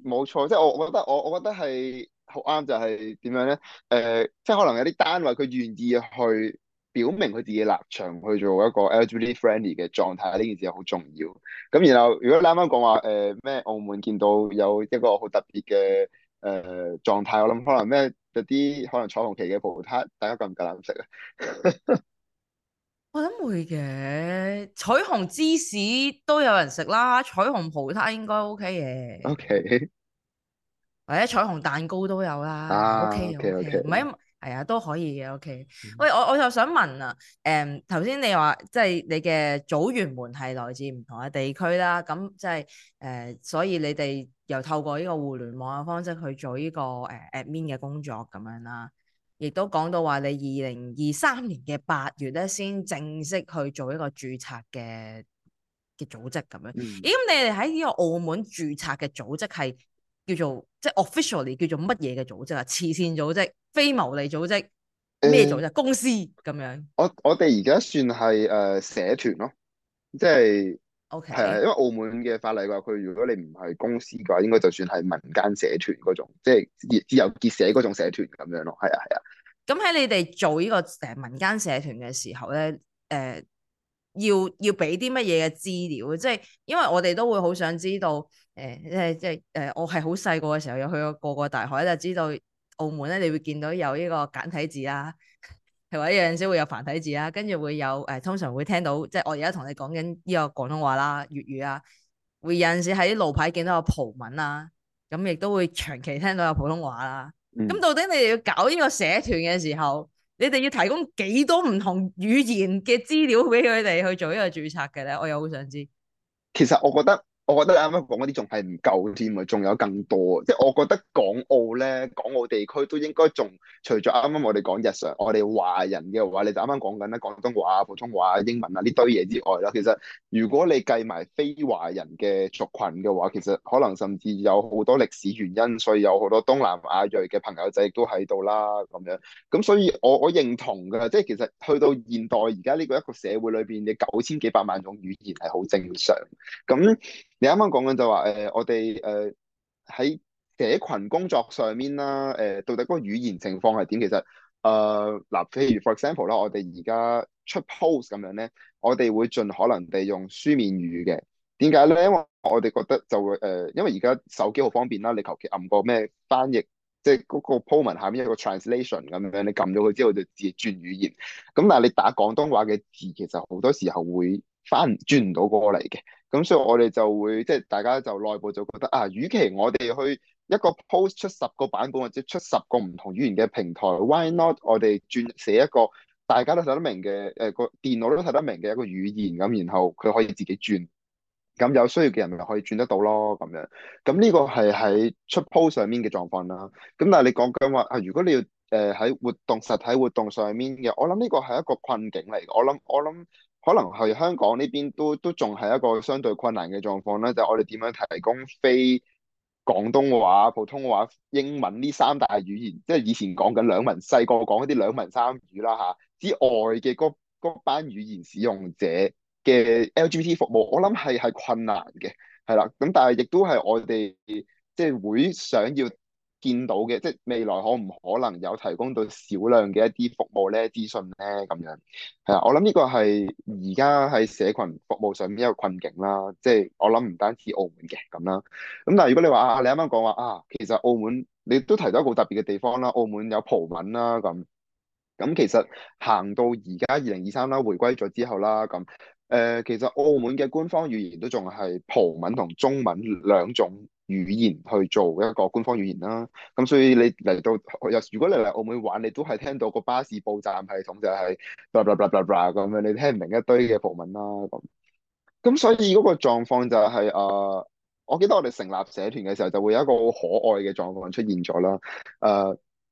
冇錯，即係我覺得我我覺得係好啱，就係、是、點樣咧？誒、呃，即係可能有啲單位佢願意去表明佢自己立場，去做一個 LGBT friendly 嘅狀態，呢件事好重要。咁然後如果你啱啱講話誒咩澳門見到有一個好特別嘅。誒，狀態、呃、我諗可能咩有啲可能彩虹旗嘅葡撻，大家夠唔夠膽食咧？ 我諗會嘅，彩虹芝士都有人食啦，彩虹葡撻應該 OK 嘅。OK，或者彩虹蛋糕都有啦。Ah, OK OK，唔係因為。係啊，都可以嘅。OK、嗯、喂，我我就想問啊，誒頭先你話即係你嘅組員們係來自唔同嘅地區啦，咁即係誒，所以你哋又透過呢個互聯網嘅方式去做呢、這個誒、呃、admin 嘅工作咁樣啦，亦都講到話你二零二三年嘅八月咧先正式去做一個註冊嘅嘅組織咁樣。咦、嗯，咁、欸、你哋喺呢個澳門註冊嘅組織係？叫做即係 officially 叫做乜嘢嘅組織啊？慈善組織、非牟利組織咩組織？嗯、公司咁樣。我我哋而家算係誒、呃、社團咯，即係，OK、係啊，因為澳門嘅法例嘅話，佢如果你唔係公司嘅話，應該就算係民間社團嗰種，即係自自由結社嗰種社團咁樣咯。係啊係啊。咁喺、啊、你哋做呢個誒民間社團嘅時候咧，誒、呃、要要俾啲乜嘢嘅資料？即係因為我哋都會好想知道。誒、嗯，即係即係，誒、呃，我係好細個嘅時候有去過個個大海，就知道澳門咧，你會見到有呢個簡體字啦，係或者有陣時會有繁體字啦，跟住會有誒、呃，通常會聽到，即係我而家同你講緊呢個廣東話啦、粵語啊，會有陣時喺路牌見到有葡文啊，咁亦都會長期聽到有普通話啦。咁、嗯、到底你哋要搞呢個社團嘅時候，你哋要提供幾多唔同語言嘅資料俾佢哋去做呢個註冊嘅咧？我又好想知。其實我覺得。我覺得你啱啱講嗰啲仲係唔夠添啊，仲有更多啊！即係我覺得港澳咧，港澳地區都應該仲除咗啱啱我哋講日常，我哋華人嘅話，你就啱啱講緊咧廣東話、普通話、英文啊呢堆嘢之外啦。其實如果你計埋非華人嘅族群嘅話，其實可能甚至有好多歷史原因，所以有好多東南亞裔嘅朋友仔亦都喺度啦咁樣。咁所以我我認同㗎，即係其實去到現代而家呢個一個社會裏邊，你九千幾百萬種語言係好正常咁。你啱啱講緊就話誒、呃，我哋誒喺社群工作上面啦，誒、呃、到底嗰個語言情況係點？其實誒，嗱、呃，譬如 for example 啦，我哋而家出 post 咁樣咧，我哋會盡可能地用書面語嘅。點解咧？因為我哋覺得就會誒、呃，因為而家手機好方便啦，你求其按個咩翻譯，即係嗰個 post 文下面有一個 translation 咁樣，你撳咗佢之後就自己轉語言。咁但係你打廣東話嘅字，其實好多時候會翻轉唔到過嚟嘅。咁所以我哋就會即係、就是、大家就內部就覺得啊，與其我哋去一個 post 出十個版本或者出十個唔同語言嘅平台，Why not? 我哋轉寫一個大家都睇得明嘅誒個電腦都睇得明嘅一個語言咁、嗯，然後佢可以自己轉，咁、嗯、有需要嘅人咪可以轉得到咯咁樣。咁、嗯、呢、這個係喺出 post 上面嘅狀況啦。咁、嗯、但係你講緊話啊，如果你要誒喺、呃、活動實體活動上面嘅，我諗呢個係一個困境嚟。我諗我諗。可能係香港呢邊都都仲係一個相對困難嘅狀況咧，就係我哋點樣提供非廣東話、普通話、英文呢三大語言，即係以前講緊兩文細個講嗰啲兩文三語啦嚇之外嘅嗰班語言使用者嘅 LGBT 服務，我諗係係困難嘅，係啦，咁但係亦都係我哋即係會想要。見到嘅，即係未來可唔可能有提供到少量嘅一啲服務咧、資訊咧咁樣？係啊，我諗呢個係而家喺社群服務上面一個困境啦。即係我諗唔單止澳門嘅咁啦。咁但係如果你話啊，你啱啱講話啊，其實澳門你都提到一個特別嘅地方啦。澳門有葡文啦咁。咁、嗯、其實行到而家二零二三啦，回歸咗之後啦咁。誒、呃，其實澳門嘅官方語言都仲係葡文同中文兩種語言去做一個官方語言啦、啊。咁所以你嚟到，又如果你嚟澳門玩，你都係聽到個巴士報站系統就係，「喇喇喇喇喇」咁樣你聽唔明一堆嘅葡文啦、啊。咁，咁所以嗰個狀況就係、是、誒、呃，我記得我哋成立社團嘅時候，就會有一個好可愛嘅狀況出現咗啦。誒、呃。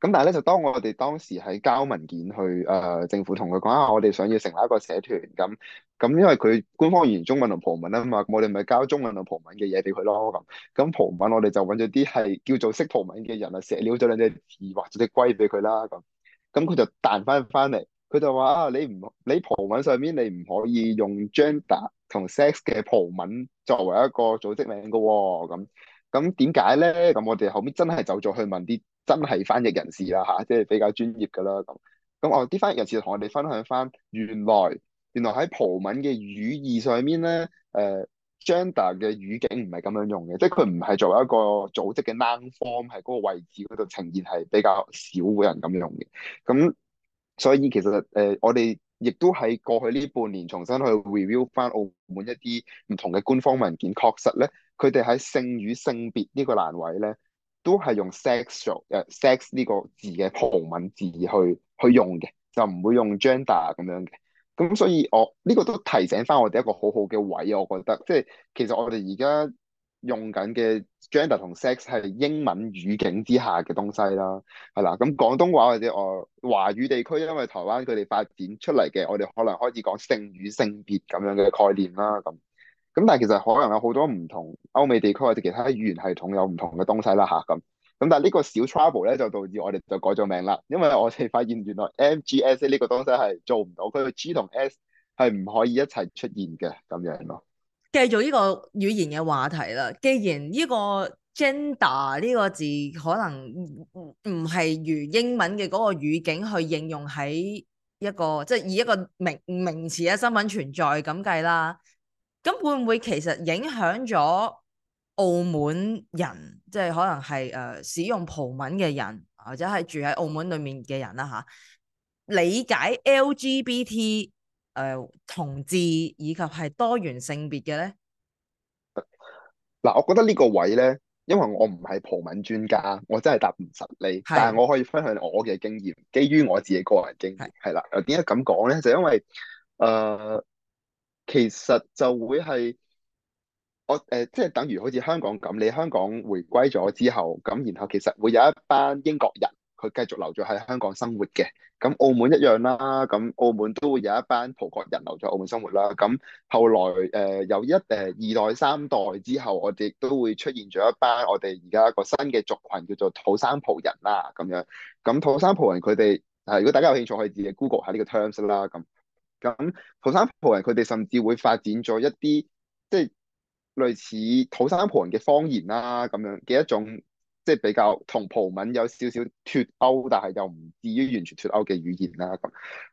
咁但係咧，就當我哋當時喺交文件去誒、呃，政府同佢講下，我哋想要成立一個社團咁咁，因為佢官方語言中文同葡文啊嘛，我哋咪交中文同葡文嘅嘢俾佢咯。咁咁葡文，我哋就揾咗啲係叫做識葡文嘅人啊，寫咗兩隻字或者隻龜俾佢啦。咁咁佢就彈翻翻嚟，佢就話啊，你唔你葡文上面你唔可以用 gender 同 sex 嘅葡文作為一個組織名噶。咁咁點解咧？咁我哋後面真係走咗去問啲。真係翻譯人士啦，嚇，即係比較專業噶啦。咁咁，我、哦、啲翻譯人士同我哋分享翻，原來原來喺葡文嘅語義上面咧，誒 gender 嘅語境唔係咁樣用嘅，即係佢唔係作為一個組織嘅 noun form，係嗰個位置嗰度呈現係比較少人咁用嘅。咁所以其實誒、呃，我哋亦都喺過去呢半年重新去 review 翻澳門一啲唔同嘅官方文件，確實咧，佢哋喺性與性別個欄呢個欄位咧。都係用 sexual, s e x u sex 呢個字嘅葡文字去去用嘅，就唔會用 gender 咁樣嘅。咁所以我呢、這個都提醒翻我哋一個好好嘅位，我覺得即係、就是、其實我哋而家用緊嘅 gender 同 sex 係英文語境之下嘅東西啦，係啦。咁廣東話或者我華語地區，因為台灣佢哋發展出嚟嘅，我哋可能可以講性與性別咁樣嘅概念啦咁。咁但係其實可能有好多唔同歐美地區或者其他語言系統有唔同嘅東西啦嚇，咁。咁但係呢個小 trouble 咧就導致我哋就改咗名啦，因為我哋發現原來 MGS 呢個東西係做唔到，佢嘅 G 同 S 係唔可以一齊出現嘅咁樣咯。繼續呢個語言嘅話題啦，既然呢個 gender 呢個字可能唔係如英文嘅嗰個語境去應用喺一個即係、就是、以一個名名詞嘅身份存在咁計啦。咁會唔會其實影響咗澳門人，即係可能係誒使用葡文嘅人，或者係住喺澳門裏面嘅人啦嚇，理解 LGBT 誒同志以及係多元性別嘅咧？嗱，我覺得呢個位咧，因為我唔係葡文專家，我真係答唔實你，的但係我可以分享我嘅經驗，基於我自己個人經歷係啦。又點解咁講咧？就因為誒、呃其實就會係我誒、呃，即係等於好似香港咁，你香港回歸咗之後，咁然後其實會有一班英國人佢繼續留咗喺香港生活嘅，咁澳門一樣啦，咁澳門都會有一班葡國人留咗澳門生活啦，咁後來誒、呃、有一誒二代三代之後，我哋都會出現咗一班我哋而家一個新嘅族群叫做土生葡人啦，咁樣咁土生葡人佢哋誒，如果大家有興趣可以自己 Google 下呢個 terms 啦，咁。咁土生葡人佢哋甚至會發展咗一啲即係類似土生葡人嘅方言啦、啊，咁樣嘅一種即係、就是、比較同葡文有少少脫歐，但係又唔至於完全脫歐嘅語言啦、啊。咁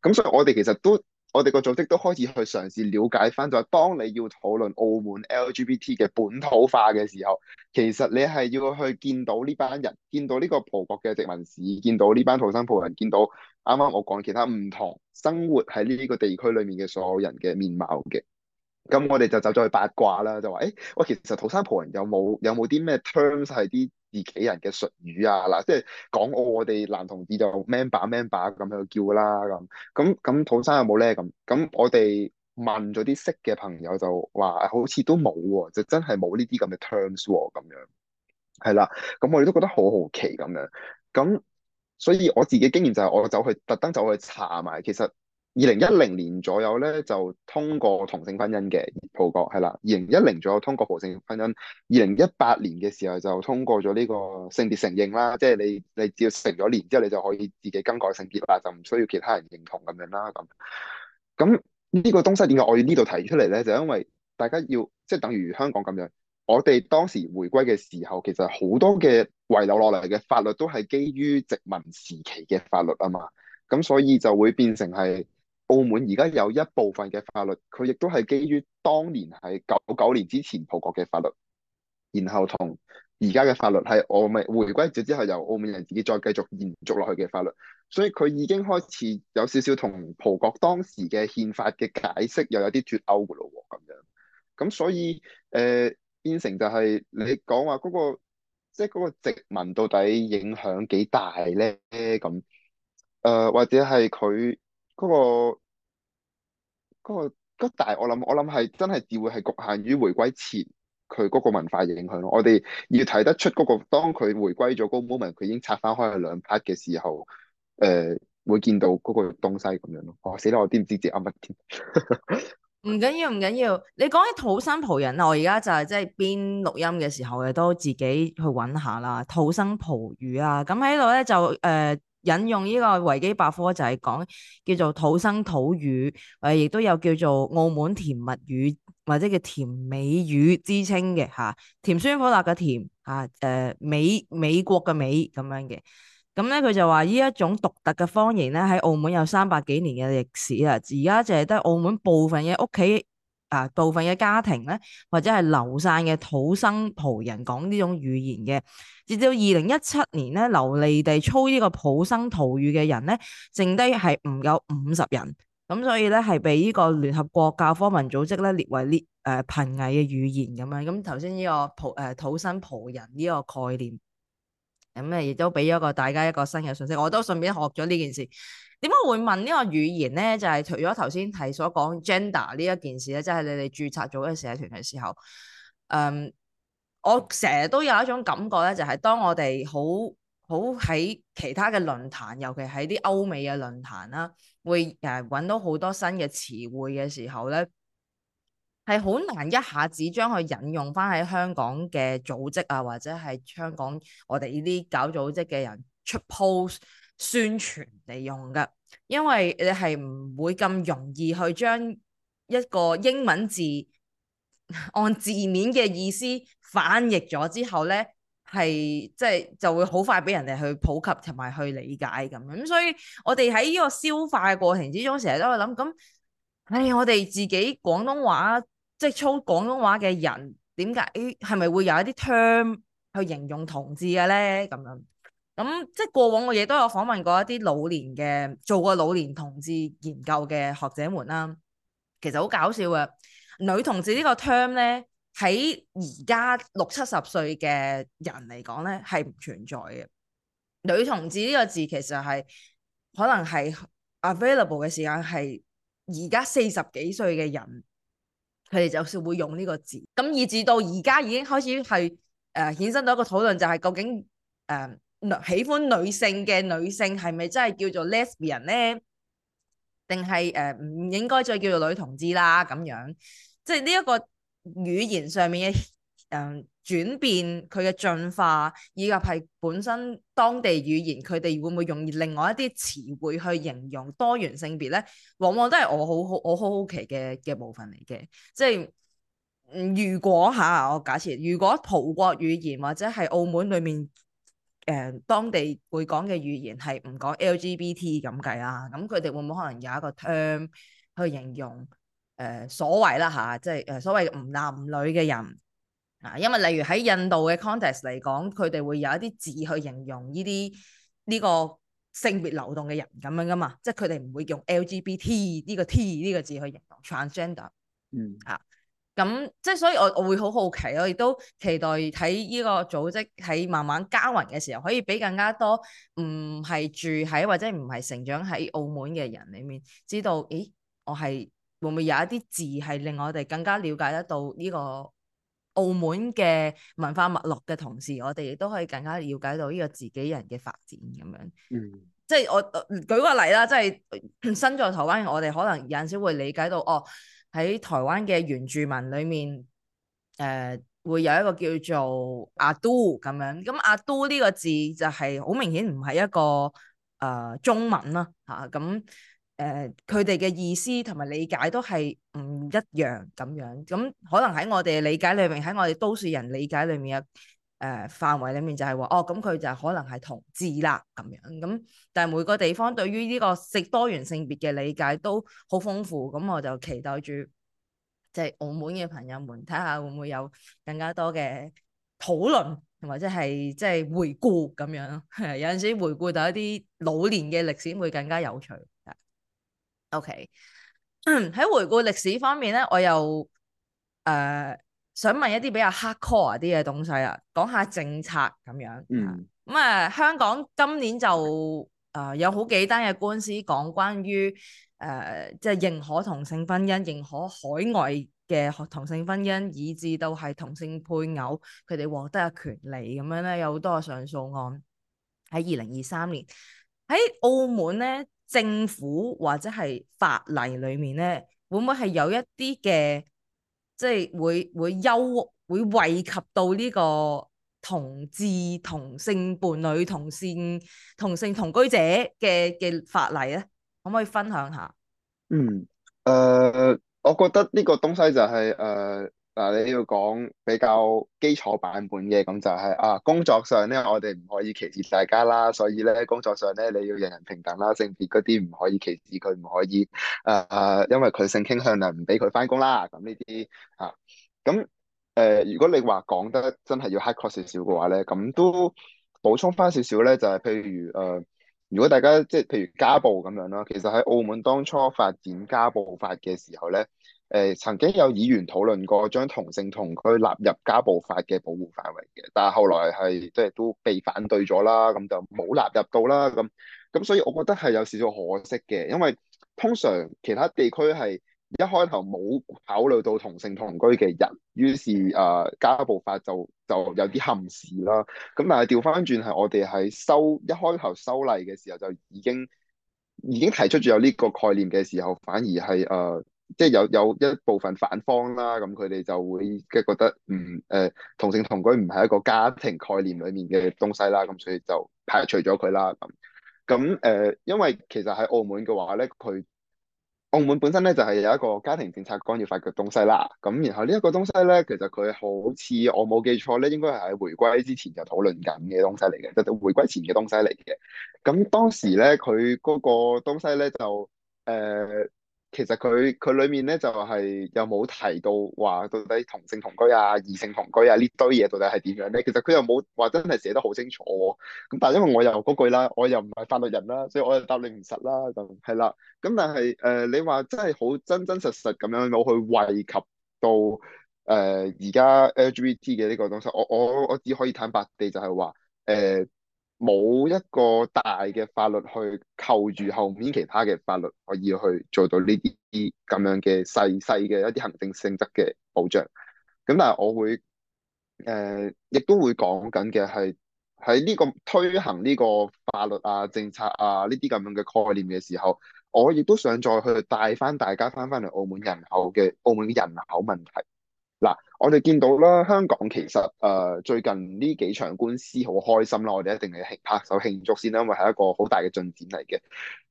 咁，所以我哋其實都。我哋個組織都開始去嘗試了解返，就係當你要討論澳門 LGBT 嘅本土化嘅時候，其實你係要去見到呢班人，見到呢個葡國嘅殖民史，見到呢班土生葡人，見到啱啱我講其他唔同生活喺呢個地區裡面嘅所有人嘅面貌嘅。咁我哋就走咗去八卦啦，就話，誒、欸，喂，其實土生葡人有冇有冇啲咩 terms 係啲？有自己人嘅術語啊，嗱，即係講我哋男同志就 man 把 man 把咁樣叫啦，咁咁咁土生有冇咧？咁咁我哋問咗啲識嘅朋友就話，好似都冇喎、啊，就真係冇呢啲咁嘅 terms 喎、啊，咁樣係啦。咁我哋都覺得好好奇咁樣。咁所以我自己經驗就係我走去特登走去查埋，其實。二零一零年左右咧，就通過同性婚姻嘅葡國係啦。二零一零左右通過同性婚姻，二零一八年嘅時候就通過咗呢個性別承認啦，即係你你只要成咗年之後，你就可以自己更改性別啦，就唔需要其他人認同咁樣啦。咁咁呢個東西點解我要呢度提出嚟咧？就因為大家要即係等於香港咁樣，我哋當時回歸嘅時候，其實好多嘅遺留落嚟嘅法律都係基於殖民時期嘅法律啊嘛，咁所以就會變成係。澳門而家有一部分嘅法律，佢亦都係基於當年喺九九年之前葡國嘅法律，然後同而家嘅法律係澳門回歸咗之後，由澳門人自己再繼續延續落去嘅法律，所以佢已經開始有少少同葡國當時嘅憲法嘅解釋又有啲脫歐㗎咯，咁樣。咁所以誒、呃，變成就係、是、你講話嗰個，即係嗰個殖民到底影響幾大咧？咁誒、呃，或者係佢。嗰、那個嗰、那個但係我諗，我諗係真係只會係局限於回歸前佢嗰個文化嘅影響咯。我哋要睇得出嗰、那個當佢回歸咗嗰 moment，佢已經拆翻開兩 part 嘅時候，誒、呃、會見到嗰個東西咁樣咯、哦。我死啦！我唔知啲阿乜嘢？唔緊要唔緊要，你講起土生葡人啦，我而家就係即係邊錄音嘅時候嘅都自己去揾下啦。土生葡語啊，咁喺度咧就誒。呃引用呢個維基百科，就係講叫做土生土語，誒、啊、亦都有叫做澳門甜蜜語或者叫甜美語之稱嘅、啊、甜酸苦辣嘅甜嚇、啊、美美國嘅美咁樣嘅，咁咧佢就話呢一種獨特嘅方言咧喺澳門有三百幾年嘅歷史啦，而家淨係得澳門部分嘅屋企。啊，部分嘅家庭咧，或者係流散嘅土生葡人講呢種語言嘅，直至到二零一七年咧，流利地操呢個普生葡語嘅人咧，剩低係唔夠五十人，咁所以咧係被呢個聯合國教科文組織咧列為列誒瀕危嘅語言咁樣。咁頭先呢個葡誒、呃、土生葡人呢個概念。咁咧亦都俾咗個大家一個新嘅信息，我都順便學咗呢件事。點解會問呢個語言咧？就係、是、除咗頭先提所講 gender 呢一件事咧，即係你哋註冊咗個社團嘅時候，嗯，我成日都有一種感覺咧，就係當我哋好好喺其他嘅論壇，尤其喺啲歐美嘅論壇啦，會誒搵到好多新嘅詞彙嘅時候咧。係好難一下子將佢引用翻，喺香港嘅組織啊，或者係香港我哋呢啲搞組織嘅人出 post 宣傳嚟用噶。因為你係唔會咁容易去將一個英文字按字面嘅意思翻譯咗之後咧，係即係就會好快俾人哋去普及同埋去理解咁樣咁，所以我哋喺呢個消化嘅過程之中，成日都會諗咁。唉、哎，我哋自己廣東話，即係操廣東話嘅人，點解係咪會有一啲 term 去形容同志嘅咧？咁樣咁即係過往我亦都有訪問過一啲老年嘅做過老年同志研究嘅學者們啦。其實好搞笑嘅，女同志呢個 term 咧，喺而家六七十歲嘅人嚟講咧係唔存在嘅。女同志呢個字其實係可能係 available 嘅時間係。而家四十幾歲嘅人，佢哋就係會用呢個字，咁以至到而家已經開始係誒、呃、衍生到一個討論，就係究竟誒、呃、喜歡女性嘅女性係咪真係叫做 lesbian 咧？定係誒唔應該再叫做女同志啦？咁樣，即係呢一個語言上面嘅。誒、嗯、轉變佢嘅進化，以及係本身當地語言，佢哋會唔會用另外一啲詞彙去形容多元性別咧？往往都係我好好我好好奇嘅嘅部分嚟嘅。即係如果嚇、啊，我假設如果葡國語言或者係澳門裡面誒、呃、當地會講嘅語言係唔講 LGBT 咁計啊，咁佢哋會唔會可能有一個 term 去形容誒、呃、所謂啦嚇、啊，即係誒所謂唔男唔女嘅人？啊，因為例如喺印度嘅 context 嚟講，佢哋會有一啲字去形容呢啲呢個性別流動嘅人咁樣噶嘛，即係佢哋唔會用 LGBT 呢個 T 呢個字去形容 transgender，嗯嚇，咁、啊、即係所以我我會好好奇我亦都期待喺呢個組織喺慢慢加人嘅時候，可以俾更加多唔係住喺或者唔係成長喺澳門嘅人裡面，知道，誒，我係會唔會有一啲字係令我哋更加瞭解得到呢個澳門嘅文化脈絡嘅同時，我哋亦都可以更加了解到呢個自己人嘅發展咁樣，嗯，即係我、呃、舉個例啦，即係身在台灣我哋可能有陣時會理解到哦喺台灣嘅原住民裏面，誒、呃、會有一個叫做阿都咁樣，咁阿都呢個字就係、是、好明顯唔係一個誒、呃、中文啦吓咁。啊誒，佢哋嘅意思同埋理解都係唔一樣咁樣，咁可能喺我哋嘅理解裏面，喺我哋都市人理解裏面嘅誒、呃、範圍裏面就，就係話哦，咁佢就可能係同志啦咁樣咁。但係每個地方對於呢個食多元性別嘅理解都好豐富，咁我就期待住即係澳門嘅朋友們睇下會唔會有更加多嘅討論，同埋即係即係回顧咁樣咯。 有陣時回顧到一啲老年嘅歷史會更加有趣。O.K. 喺 回顧歷史方面咧，我又誒、呃、想問一啲比較 hard core 啲嘅東西啊，講下政策咁樣。嗯。咁啊，香港今年就誒、呃、有好幾單嘅官司，講關於誒即係認可同性婚姻，認可海外嘅同性婚姻，以至到係同性配偶佢哋獲得嘅權利咁樣咧，有好多嘅上訴案喺二零二三年，喺澳門咧，政府或者係法例裡面咧，會唔會係有一啲嘅，即係會會優會惠及到呢個同志、同性伴侶、同性同性同居者嘅嘅法例咧？可唔可以分享下？嗯，誒、呃，我覺得呢個東西就係誒。呃嗱，你要講比較基礎版本嘅，咁就係啊，工作上咧，我哋唔可以歧視大家啦，所以咧，工作上咧，你要人人平等啦，性別嗰啲唔可以歧視佢，唔可以誒誒、啊，因為佢性傾向就啊，唔俾佢翻工，啦，咁呢啲吓，咁誒，如果你話講得真係要刻薄少少嘅話咧，咁都補充翻少少咧，就係譬如誒、呃，如果大家即係譬如家暴咁樣啦，其實喺澳門當初發展家暴法嘅時候咧。誒曾經有議員討論過將同性同居納入家暴法嘅保護範圍嘅，但係後來係即係都被反對咗啦，咁就冇納入到啦。咁咁所以我覺得係有少少可惜嘅，因為通常其他地區係一開頭冇考慮到同性同居嘅人，於是誒家暴法就就有啲憾事啦。咁但係調翻轉係我哋喺修一開頭修例嘅時候，就已經已經提出咗有呢個概念嘅時候，反而係誒。即係有有一部分反方啦，咁佢哋就會即係覺得唔誒、呃、同性同居唔係一個家庭概念裡面嘅東西啦，咁所以就排除咗佢啦。咁咁誒，因為其實喺澳門嘅話咧，佢澳門本身咧就係、是、有一個家庭政策綱要法嘅東西啦。咁然後呢一個東西咧，其實佢好似我冇記錯咧，應該係喺回歸之前就討論緊嘅東西嚟嘅，就是、回歸前嘅東西嚟嘅。咁當時咧，佢嗰個東西咧就誒。呃其實佢佢裏面咧就係、是、有冇提到話到底同性同居啊、異性同居啊呢堆嘢到底係點樣咧？其實佢又冇話真係寫得好清楚喎、啊。咁但係因為我又嗰句啦，我又唔係法律人啦，所以我又答你唔實啦咁係啦。咁但係誒、呃、你話真係好真真實實咁樣冇去惠及到誒而、呃、家 LGBT 嘅呢個東西，我我我只可以坦白地就係話誒。呃冇一個大嘅法律去扣住後面其他嘅法律，可以去做到呢啲咁樣嘅細細嘅一啲行政性質嘅保障。咁但係我會誒，亦、呃、都會講緊嘅係喺呢個推行呢個法律啊、政策啊呢啲咁樣嘅概念嘅時候，我亦都想再去帶翻大家翻翻嚟澳門人口嘅澳門嘅人口問題。嗱，我哋見到啦，香港其實誒、呃、最近呢幾場官司好開心啦，我哋一定係拍手慶祝先啦，因為係一個好大嘅進展嚟嘅。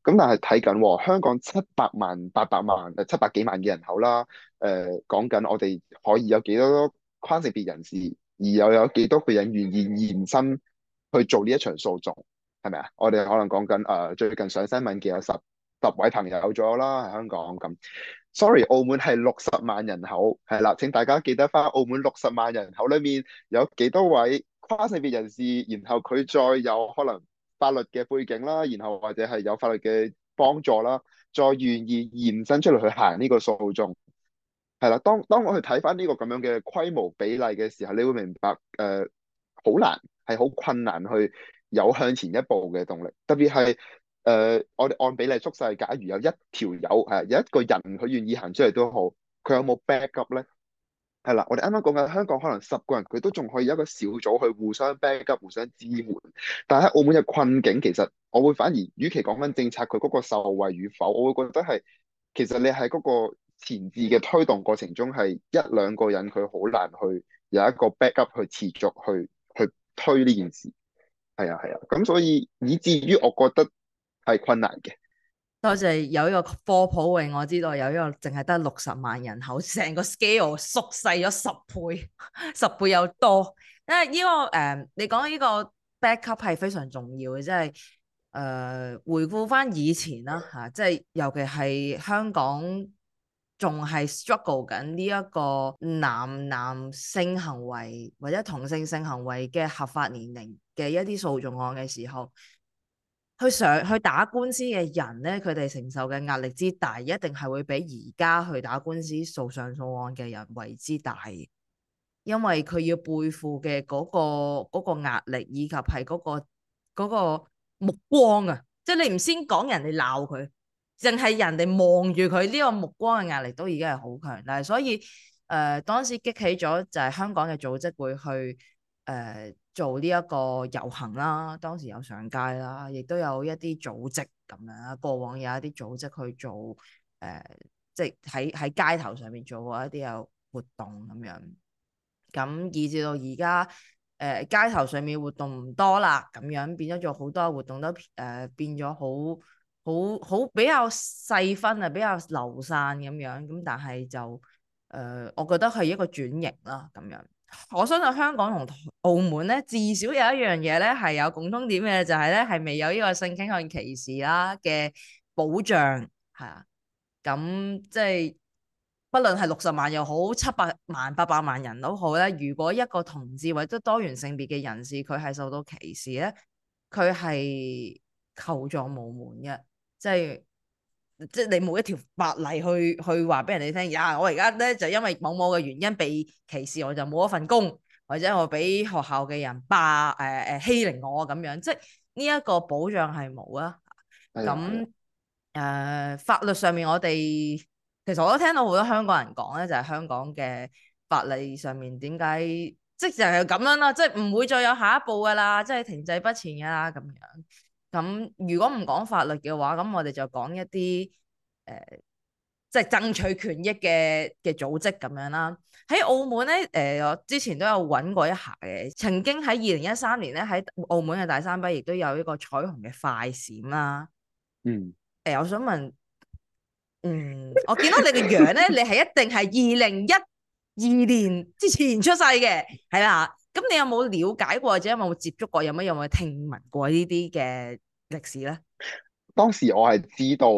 咁但係睇緊喎，香港七百萬、八百萬誒七百幾萬嘅人口啦，誒、呃、講緊我哋可以有幾多跨性別人士，而又有幾多個人願意現身去做呢一場訴訟，係咪啊？我哋可能講緊誒、呃、最近上新聞嘅有十，十位朋友有咗啦喺香港咁。Sorry，澳門係六十萬人口，係啦。請大家記得翻澳門六十萬人口裏面有幾多位跨性別人士，然後佢再有可能法律嘅背景啦，然後或者係有法律嘅幫助啦，再願意延伸出嚟去行呢個訴訟，係啦。當當我去睇翻呢個咁樣嘅規模比例嘅時候，你會明白誒，好、呃、難係好困難去有向前一步嘅動力，特別係。誒，uh, 我哋按比例縮細，假如有一條友係有一個人佢願意行出嚟都好，佢有冇 back up 咧？係啦，我哋啱啱講緊香港可能十個人佢都仲可以有一個小組去互相 back up、互相支援。但係喺澳門嘅困境，其實我會反而與其講緊政策佢嗰個受惠與否，我會覺得係其實你喺嗰個前置嘅推動過程中係一兩個人佢好難去有一個 back up 去持續去去推呢件事。係啊係啊，咁所以以至於我覺得。係困難嘅。多謝有一個科普榮，我知道有一個淨係得六十萬人口，成個 scale 縮細咗十倍，十倍又多。因為呢個誒、呃，你講呢個 backup 係非常重要嘅，即係誒回顧翻以前啦吓，即、啊、係、就是、尤其係香港仲係 struggle 緊呢一個男男性行為或者同性性行為嘅合法年齡嘅一啲訴訟案嘅時候，去上去打官司嘅人咧，佢哋承受嘅壓力之大，一定係會比而家去打官司訴上訴案嘅人為之大，因為佢要背負嘅嗰個嗰個壓力，以及係嗰個嗰個目光啊，即係你唔先講人哋鬧佢，淨係人哋望住佢呢個目光嘅壓力都已經係好強大，但所以誒、呃、當時激起咗就係香港嘅組織會去。誒、呃、做呢一個遊行啦，當時有上街啦，亦都有一啲組織咁樣啦。過往有一啲組織去做誒、呃，即係喺喺街頭上面做過一啲有活動咁樣。咁以至到而家誒街頭上面活動唔多啦，咁樣變咗做好多活動都誒、呃、變咗好好好比較細分啊，比較流散咁樣。咁但係就誒、呃，我覺得係一個轉型啦，咁樣。我相信香港同澳門咧，至少有一樣嘢咧係有共通點嘅，就係咧係未有呢個性傾向歧視啦嘅保障，係啊，咁即係不論係六十萬又好，七百萬、八百萬人都好咧，如果一個同志或者多元性別嘅人士佢係受到歧視咧，佢係求助無門嘅，即係。即係你冇一條法例去去話俾人哋聽，呀我而家咧就是、因為某某嘅原因被歧視，我就冇一份工，或者我俾學校嘅人霸誒誒、呃、欺凌我咁樣，即係呢一個保障係冇啊。咁誒、 呃、法律上面我哋其實我都聽到好多香港人講咧，就係、是、香港嘅法例上面點解即就係咁樣啦，即係唔會再有下一步噶啦，即、就、係、是、停滯不前噶啦咁樣。咁如果唔講法律嘅話，咁我哋就講一啲誒，即係爭取權益嘅嘅組織咁樣啦。喺澳門咧，誒、呃、我之前都有揾過一下嘅，曾經喺二零一三年咧喺澳門嘅大三巴亦都有一個彩虹嘅快閃啦、啊。嗯。誒、呃，我想問，嗯，我見到你嘅樣咧， 你係一定係二零一二年之前出世嘅，係啦。咁你有冇了解過或者有冇接觸過，有有過，有乜有冇聽聞過呢啲嘅歷史咧？當時我係知道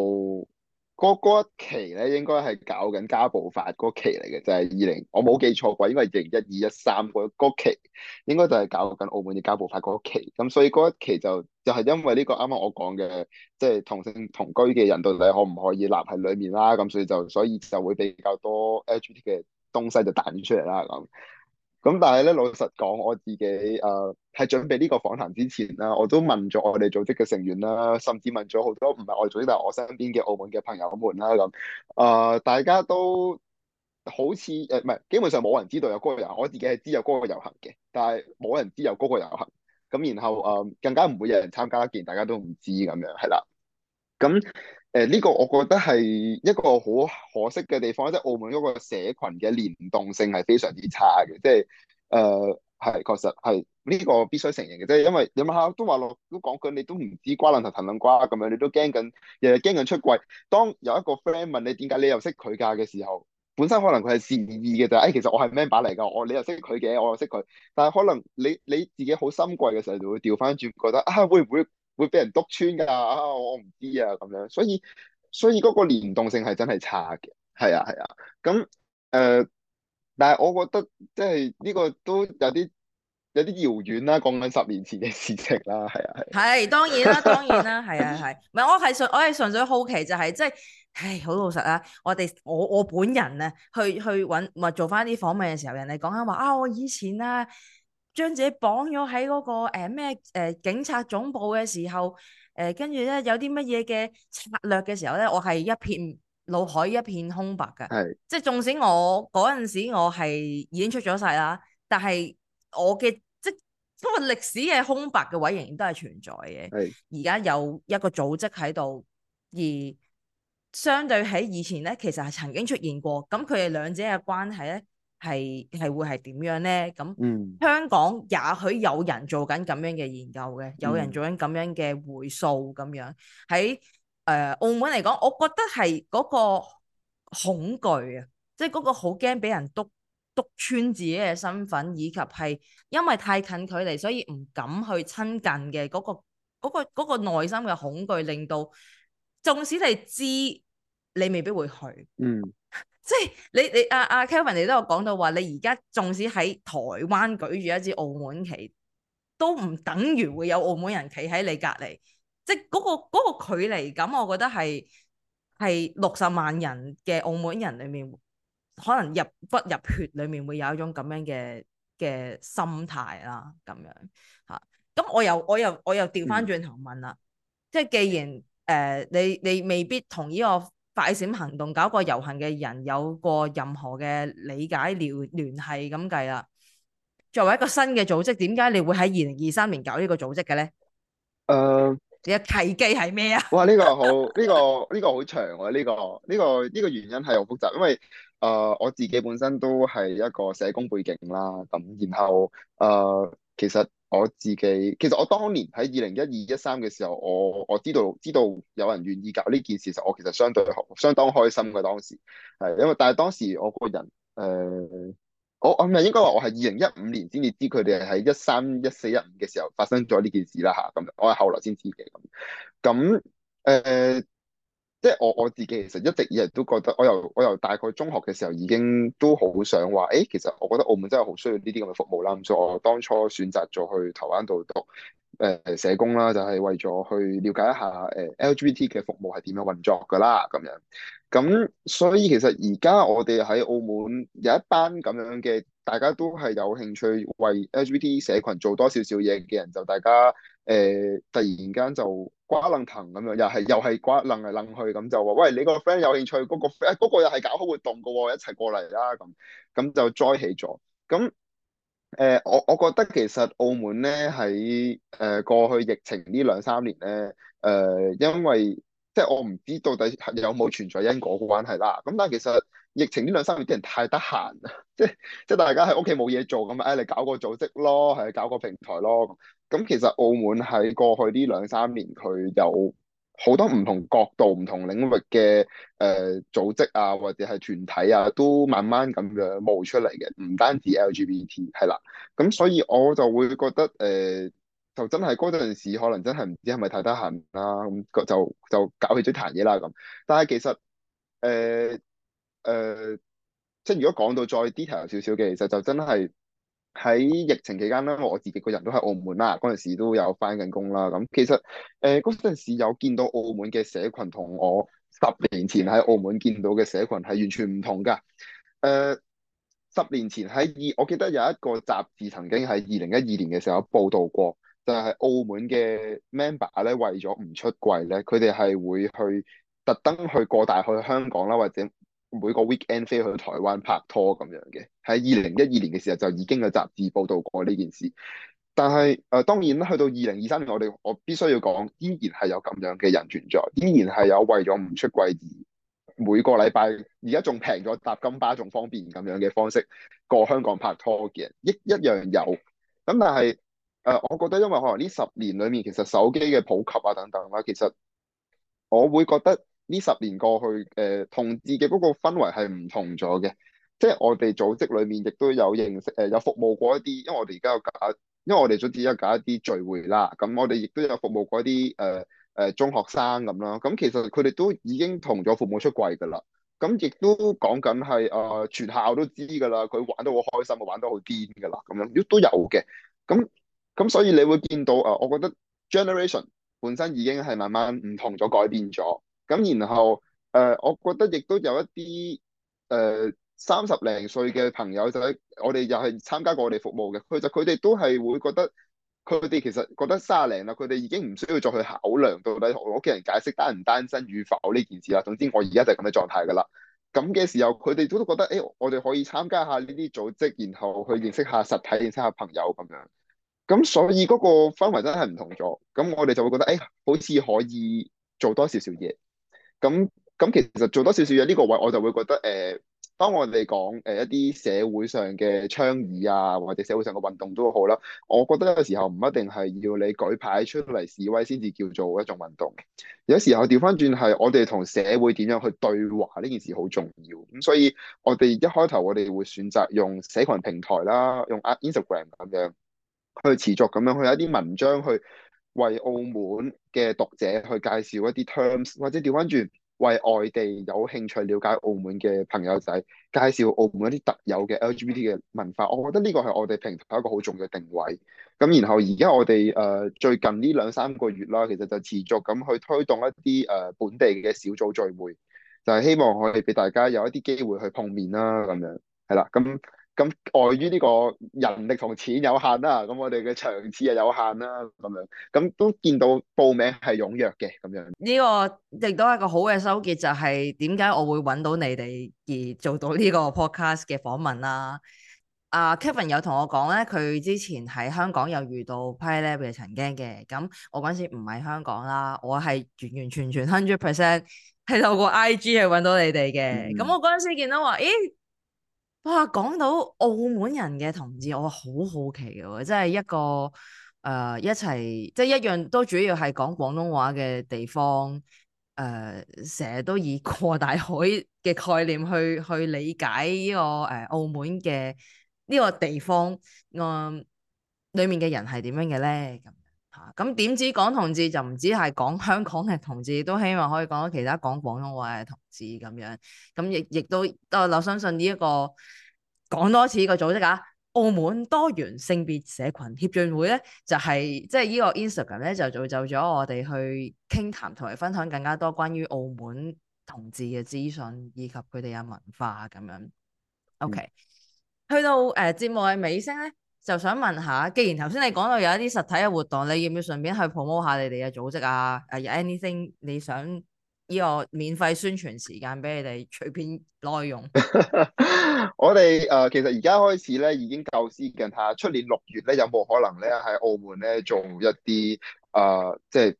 嗰一期咧，應該係搞緊家暴法嗰期嚟嘅，就係二零我冇記錯啩，因為二零一二一三嗰期應該就係搞緊澳門嘅家暴法嗰期，咁所以嗰一期就就係、是、因為呢個啱啱我講嘅，即、就、係、是、同性同居嘅人到底可唔可以立喺裏面啦，咁所以就所以就會比較多 LGBT 嘅東西就彈出嚟啦咁。咁但係咧，老實講，我自己誒喺、uh, 準備呢個訪談之前啦，我都問咗我哋組織嘅成員啦，甚至問咗好多唔係我哋組織，但係我身邊嘅澳門嘅朋友們啦，咁誒、uh, 大家都好似誒，唔係，基本上冇人知道有嗰個遊行，我自己係知有嗰個遊行嘅，但係冇人知有嗰個遊行，咁然後誒、uh, 更加唔會有人參加一件大家都唔知咁樣，係啦，咁。誒呢、呃這個我覺得係一個好可惜嘅地方，即係澳門嗰個社群嘅連動性係非常之差嘅，即係誒係確實係呢、這個必須承認嘅，即係因為你咪嚇都話落都講句，你都唔知瓜兩頭藤兩瓜咁樣，你都驚緊日日驚緊出櫃。當有一個 friend 問你點解你，你又識佢㗎嘅時候，本身可能佢係善意嘅咋，誒、哎、其實我係 member 嚟㗎，我你又識佢嘅，我又識佢，但係可能你你自己好深櫃嘅時候就會調返轉覺得啊會唔會？會俾人督穿噶、啊，我唔知啊，咁樣，所以所以嗰個聯動性係真係差嘅。係啊，係啊，咁誒、啊呃，但係我覺得即係呢個都有啲有啲遙遠啦，講緊十年前嘅事情啦，係啊係。係當然啦，當然啦，係 啊係，唔係我係純我係純粹好奇就係即係，唉，好老實啊，我哋我我本人咧去去搵咪做翻啲訪問嘅時候，人哋講緊話啊，我以前啦、啊。將自己綁咗喺嗰個誒咩誒、呃呃、警察總部嘅時候，誒跟住咧有啲乜嘢嘅策略嘅時候咧，我係一片腦海一片空白嘅。係是，即係縱使我嗰陣時我係已經出咗世啦，但係我嘅即係嗰個歷史嘅空白嘅位仍然都係存在嘅。係是，而家有一個組織喺度，而相對喺以前咧，其實係曾經出現過。咁佢哋兩者嘅關係咧？係係會係點樣呢？咁、嗯、香港也許有人做緊咁樣嘅研究嘅，嗯、有人做緊咁樣嘅回數咁樣。喺誒、呃、澳門嚟講，我覺得係嗰個恐懼啊，即係嗰個好驚俾人篤篤穿自己嘅身份，以及係因為太近距離，所以唔敢去親近嘅嗰個嗰個嗰個內心嘅恐懼，令到縱使你知你未必會去。嗯。即係你你阿阿 Kelvin 你都有講到話，你而家縱使喺台灣舉住一支澳門旗，都唔等於會有澳門人企喺你隔離，即係、那、嗰個嗰、那個距離感，我覺得係係六十萬人嘅澳門人裏面，可能入骨入血裏面會有一種咁樣嘅嘅心態啦，咁樣嚇。咁、啊、我又我又我又調翻轉頭問啦，嗯、即係既然誒、呃、你你未必同依個。快閃行動搞個遊行嘅人有過任何嘅理解了聯繫咁計啦。作為一個新嘅組織，點解你會喺二零二三年搞呢個組織嘅咧？誒，你嘅契機係咩啊？哇，呢個好呢個呢個好長喎，呢個呢個呢個原因係好複雜，因為誒我自己本身都係一個社工背景啦，咁然後誒其實。我自己其實我當年喺二零一二一三嘅時候，我我知道知道有人願意搞呢件事，就我其實相對好相當開心嘅當時，係因為但係當時我個人誒、呃，我我唔係應該話我係二零一五年先至知佢哋係喺一三一四一五嘅時候發生咗呢件事啦嚇，咁、啊、我係後來先知嘅咁，咁誒。呃即係我我自己其實一直以嚟都覺得我由，我又我又大概中學嘅時候已經都好想話，誒、欸，其實我覺得澳門真係好需要呢啲咁嘅服務啦，咁所以我當初選擇咗去台灣度讀。誒社工啦，就係、係、為咗去了解一下誒 LGBT 嘅服務係點樣運作噶啦，咁樣咁所以其實而家我哋喺澳門有一班咁樣嘅，大家都係有興趣為 LGBT 社群做多少少嘢嘅人，就大家誒、呃、突然間就瓜楞、呃、騰咁樣，又係又係瓜楞嚟楞去，咁就話喂你個 friend 有興趣，嗰、嗰個又係、嗰個、搞好活動噶喎，一齊過嚟啦咁，咁就 join 起咗，咁。誒，我我覺得其實澳門咧喺誒過去疫情呢兩三年咧，誒因為即係我唔知到底有冇存在因果嘅關係啦。咁但係其實疫情呢兩三年啲人太得閒，即係即係大家喺屋企冇嘢做咁啊，誒你搞個組織咯，係搞個平台咯。咁其實澳門喺過去呢兩三年佢有，好多唔同角度、唔同領域嘅誒、呃、組織啊，或者係團體啊，都慢慢咁樣冒出嚟嘅，唔單止 LGBT 係啦。咁所以我就會覺得誒、呃，就真係嗰陣時可能真係唔知係咪太得閒啦，咁就就搞起咗壇嘢啦咁。但係其實誒誒、呃呃，即係如果講到再 detail 少少嘅，其實就真係。喺疫情期間咧，我自己個人都喺澳門啦，嗰陣時都有翻緊工啦。咁其實誒嗰陣時有見到澳門嘅社群，同我十年前喺澳門見到嘅社群係完全唔同噶。誒、呃，十年前喺二，我記得有一個雜誌曾經喺二零一二年嘅時候報道過，就係、是、澳門嘅 member 咧為咗唔出櫃咧，佢哋係會去特登去過大去香港啦，或者。每個 weekend 飛去台灣拍拖咁樣嘅，喺二零一二年嘅時候就已經有雜誌報道過呢件事但。但係誒，當然去到二零二三年我，我哋我必須要講，依然係有咁樣嘅人存在，依然係有為咗唔出櫃而每個禮拜而家仲平咗搭金巴仲方便咁樣嘅方式過香港拍拖嘅人，一一樣有。咁但係誒、呃，我覺得因為可能呢十年裏面其實手機嘅普及啊等等啦，其實我會覺得。呢十年過去，誒同志嘅嗰個氛圍係唔同咗嘅，即係我哋組織裏面亦都有認識，誒、呃、有服務過一啲，因為我哋而家有搞，因為我哋組織而家搞一啲聚會啦，咁、嗯、我哋亦都有服務過一啲誒誒中學生咁咯，咁、嗯、其實佢哋都已經同咗父母出櫃㗎啦，咁、嗯、亦都講緊係誒全校都知㗎啦，佢玩得好開心，玩得好癲㗎啦，咁樣都有嘅，咁、嗯、咁、嗯嗯、所以你會見到誒、呃，我覺得 generation 本身已經係慢慢唔同咗、改變咗。咁然後誒、呃，我覺得亦都有一啲誒三十零歲嘅朋友就係我哋又係參加過我哋服務嘅，其實佢哋都係會覺得佢哋其實覺得卅零啦，佢哋已經唔需要再去考量到底同屋企人解釋單唔單身與否呢件事啦。總之我而家就係咁嘅狀態㗎啦。咁嘅時候佢哋都覺得誒、欸，我哋可以參加下呢啲組織，然後去認識下實體，認識下朋友咁樣。咁所以嗰個氛圍真係唔同咗。咁我哋就會覺得誒、欸，好似可以做多少少嘢。咁咁其實做多少少嘢呢個位，我就會覺得誒、呃，當我哋講誒一啲社會上嘅倡議啊，或者社會上嘅運動都好啦。我覺得有時候唔一定係要你舉牌出嚟示威先至叫做一種運動。有時候調翻轉係我哋同社會點樣去對話呢件事好重要。咁所以我哋一開頭我哋會選擇用社群平台啦，用啊 Instagram 咁樣去持續咁樣去有啲文章去。為澳門嘅讀者去介紹一啲 terms，或者調返轉為外地有興趣了解澳門嘅朋友仔介紹澳門一啲特有嘅 LGBT 嘅文化，我覺得呢個係我哋平台一個好重要嘅定位。咁然後而家我哋誒最近呢兩三個月啦，其實就持續咁去推動一啲誒本地嘅小組聚會，就係、是、希望可以俾大家有一啲機會去碰面啦，咁樣係啦，咁。咁礙於呢個人力同錢有限啦、啊，咁我哋嘅場次又有限啦、啊，咁樣，咁都見到報名係踴躍嘅，咁樣。呢、這個亦都係一個好嘅收結，就係點解我會揾到你哋而做到呢個 podcast 嘅訪問啦、啊。啊、uh，Kevin 有同我講咧，佢之前喺香港有遇到 Pilot 嘅曾經嘅，咁我嗰陣時唔喺香港啦，我係完完全全 hundred percent 係透過 IG 去揾到你哋嘅，咁、嗯、我嗰陣時見到話，咦？哇，講到澳門人嘅同志，我好好奇嘅喎、呃，即係一個誒一齊，即係一樣都主要係講廣東話嘅地方，誒成日都以過大海嘅概念去去理解呢、呢個誒、呃、澳門嘅呢個地方，誒、呃、裡面嘅人係點樣嘅咧？咁點止港同志就唔止係講香港嘅同志，都希望可以講到其他講廣東話嘅同志咁樣。咁亦亦都，啊、這個，我相信呢一個講多次呢個組織啊，澳門多元性別社群協進會咧，就係即係呢個 Instagram 咧，就造、是、就咗我哋去傾談同埋分享更加多關於澳門同志嘅資訊以及佢哋嘅文化咁樣。O、okay. K，、嗯、去到誒、呃、節目嘅尾聲咧。就想問下，既然頭先你講到有一啲實體嘅活動，你要唔要順便去 promote 下你哋嘅組織啊？誒，有 anything 你想呢個免費宣傳時間俾你哋，隨便攞用。我哋誒其實而家開始咧已經夠先嘅嚇，出年六月咧有冇可能咧喺澳門咧做一啲誒即係。呃即係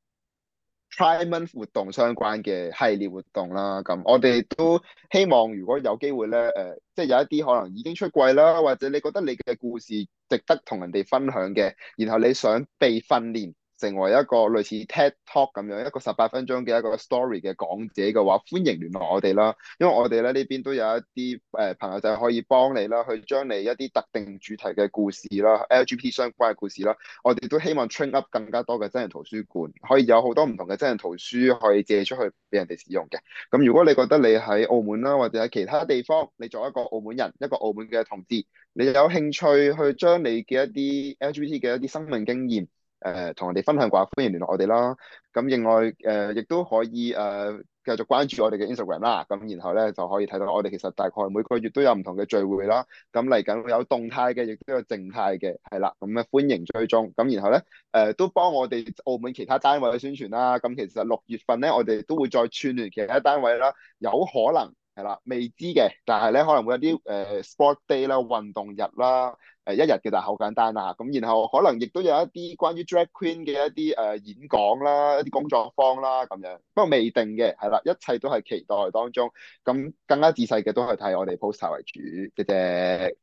Prime 活動相關嘅系列活動啦，咁我哋都希望，如果有機會咧，誒、呃、即係有一啲可能已經出櫃啦，或者你覺得你嘅故事值得同人哋分享嘅，然後你想被訓練。成為一個類似 TED Talk 咁樣一個十八分鐘嘅一個 story 嘅講者嘅話，歡迎聯絡我哋啦。因為我哋咧呢邊都有一啲誒朋友就係可以幫你啦，去將你一啲特定主題嘅故事啦、LGBT 相關嘅故事啦，我哋都希望 train up 更加多嘅真人圖書館，可以有好多唔同嘅真人圖書可以借出去俾人哋使用嘅。咁如果你覺得你喺澳門啦，或者喺其他地方，你作為一個澳門人、一個澳門嘅同志，你有興趣去將你嘅一啲 LGBT 嘅一啲生命經驗，誒同、呃、人哋分享啩，歡迎聯絡我哋啦。咁另外誒，亦、呃、都可以誒、呃、繼續關注我哋嘅 Instagram 啦。咁然後咧就可以睇到我哋其實大概每個月都有唔同嘅聚會啦。咁嚟緊有動態嘅，亦都有靜態嘅，係啦。咁、嗯、咧歡迎追蹤。咁然後咧誒、呃、都幫我哋澳門其他單位嘅宣傳啦。咁其實六月份咧，我哋都會再串聯其他單位啦，有可能。係啦，未知嘅，但係咧可能會有啲誒 sport day 啦，運動日啦，誒一日嘅就好簡單啦。咁然後可能亦都有一啲關於 drag queen 嘅一啲誒演講啦、一啲工作坊啦咁樣。不過未定嘅，係啦，一切都係期待當中。咁更加仔細嘅都係睇我哋 poster 為主嘅啫。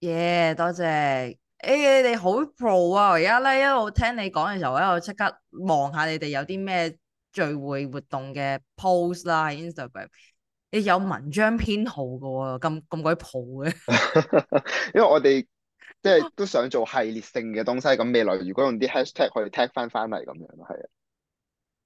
耶，多謝。誒，你哋好 pro 啊！而家咧，一路聽你講嘅時候，我一路即刻望下你哋有啲咩聚會活動嘅 post 啦喺 Instagram。你有文章編號嘅喎，啊，咁咁鬼譜嘅。因為我哋即係都想做系列性嘅東西，咁 未來如果用啲 hashtag 可以 tag 翻翻嚟咁樣咯，係啊。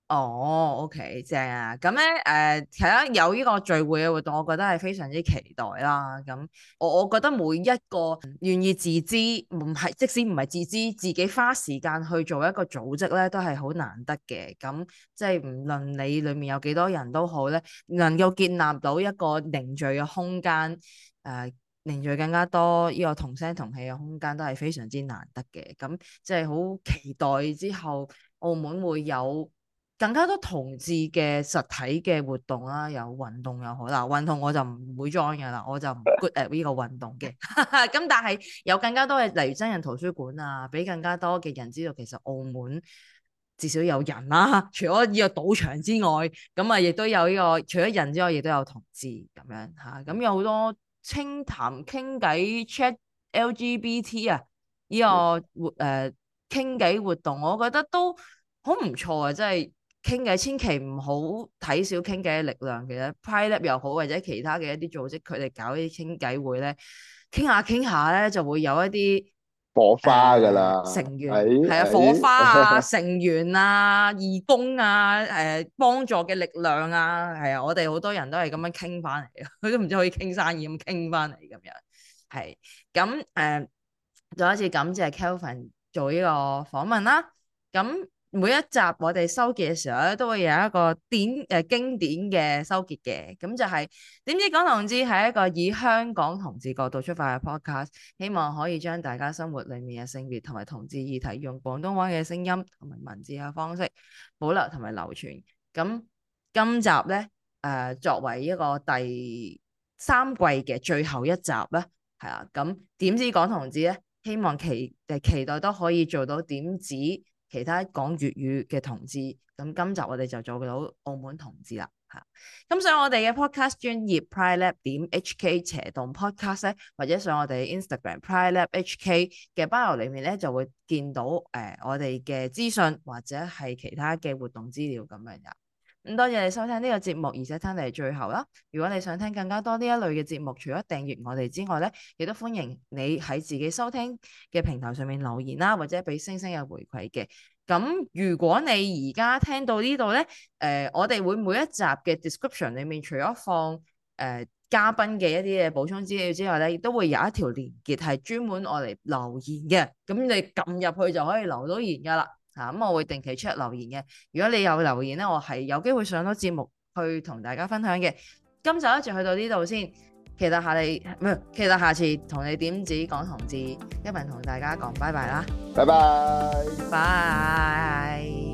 哦、oh，OK，正啊！咁、嗯、咧，誒係啊，有呢個聚會嘅活動，我覺得係非常之期待啦。咁、嗯、我我覺得每一個願意自資，唔係即使唔係自資，自己花時間去做一個組織咧，都係好難得嘅。咁、嗯、即係唔論你裡面有幾多人都好咧，能夠建立到一個凝聚嘅空間，誒凝聚更加多呢個同聲同氣嘅空間，都係非常之難得嘅。咁、嗯、即係好期待之後澳門會有。更加多同志嘅實體嘅活動啦，有運動又好啦。運動我就唔會 join 嘅啦，我就唔 good 誒呢個運動嘅。咁 但係有更加多嘅，例如真人圖書館啊，俾更加多嘅人知道其實澳門至少有人啦、啊，除咗呢個賭場之外，咁啊亦都有呢、這個除咗人之外，亦都有同志咁樣吓，咁 有好多清談傾偈、c h e c k L G B T 啊，呢、這個活誒傾偈活動，我覺得都好唔錯啊！即係。傾偈，千祈唔好睇少傾偈嘅力量，其實 PrideLab 又好或者其他嘅一啲組織，佢哋搞啲傾偈會咧，傾下傾下咧就會有一啲火花噶啦、呃。成員係、哎、啊，哎、火花啊， 成員啊，義工啊，誒、呃、幫助嘅力量啊，係啊，我哋好多人都係咁樣傾翻嚟，佢 都唔知可以傾生意咁傾翻嚟咁樣。係咁誒，再、啊、一次感謝 Kelvin 做呢個訪問啦。咁、啊。啊啊啊每一集我哋收結嘅時候咧，都會有一個典、誒、呃、經典嘅收結嘅，咁就係、是、點止港同志係一個以香港同志角度出發嘅 podcast，希望可以將大家生活裏面嘅性別同埋同志議題，用廣東話嘅聲音同埋文字嘅方式保留同埋流傳。咁今集咧誒、呃、作為一個第三季嘅最後一集咧，係啊，咁點止港同志咧，希望期、誒、期待都可以做到點止。其他講粵語嘅同志，咁今集我哋就做到澳門同志啦嚇。咁、嗯、上我哋嘅 Podcast 專頁 Private 點 HK 斜動 Podcast 咧，或者上我哋 Instagram Private HK 嘅包郵裡面咧，就會見到誒、呃、我哋嘅資訊或者係其他嘅活動資料咁樣嘅。咁多謝你收聽呢個節目，而且聽你係最後啦。如果你想聽更加多呢一類嘅節目，除咗訂閱我哋之外咧，亦都歡迎你喺自己收聽嘅平台上面留言啦，或者俾星星嘅回饋嘅。咁如果你而家聽到呢度咧，誒、呃，我哋會每一集嘅 description 裡面除，除咗放誒嘉賓嘅一啲嘅補充資料之外咧，亦都會有一條連結係專門我嚟留言嘅。咁你撳入去就可以留到言㗎喇。咁、嗯、我會定期出留言嘅，如果你有留言咧，我係有機會上到節目去同大家分享嘅。今集一陣去到呢度先，期待下你唔係，期、嗯、待下次同你點止講同志一文同大家講拜拜啦，拜拜 b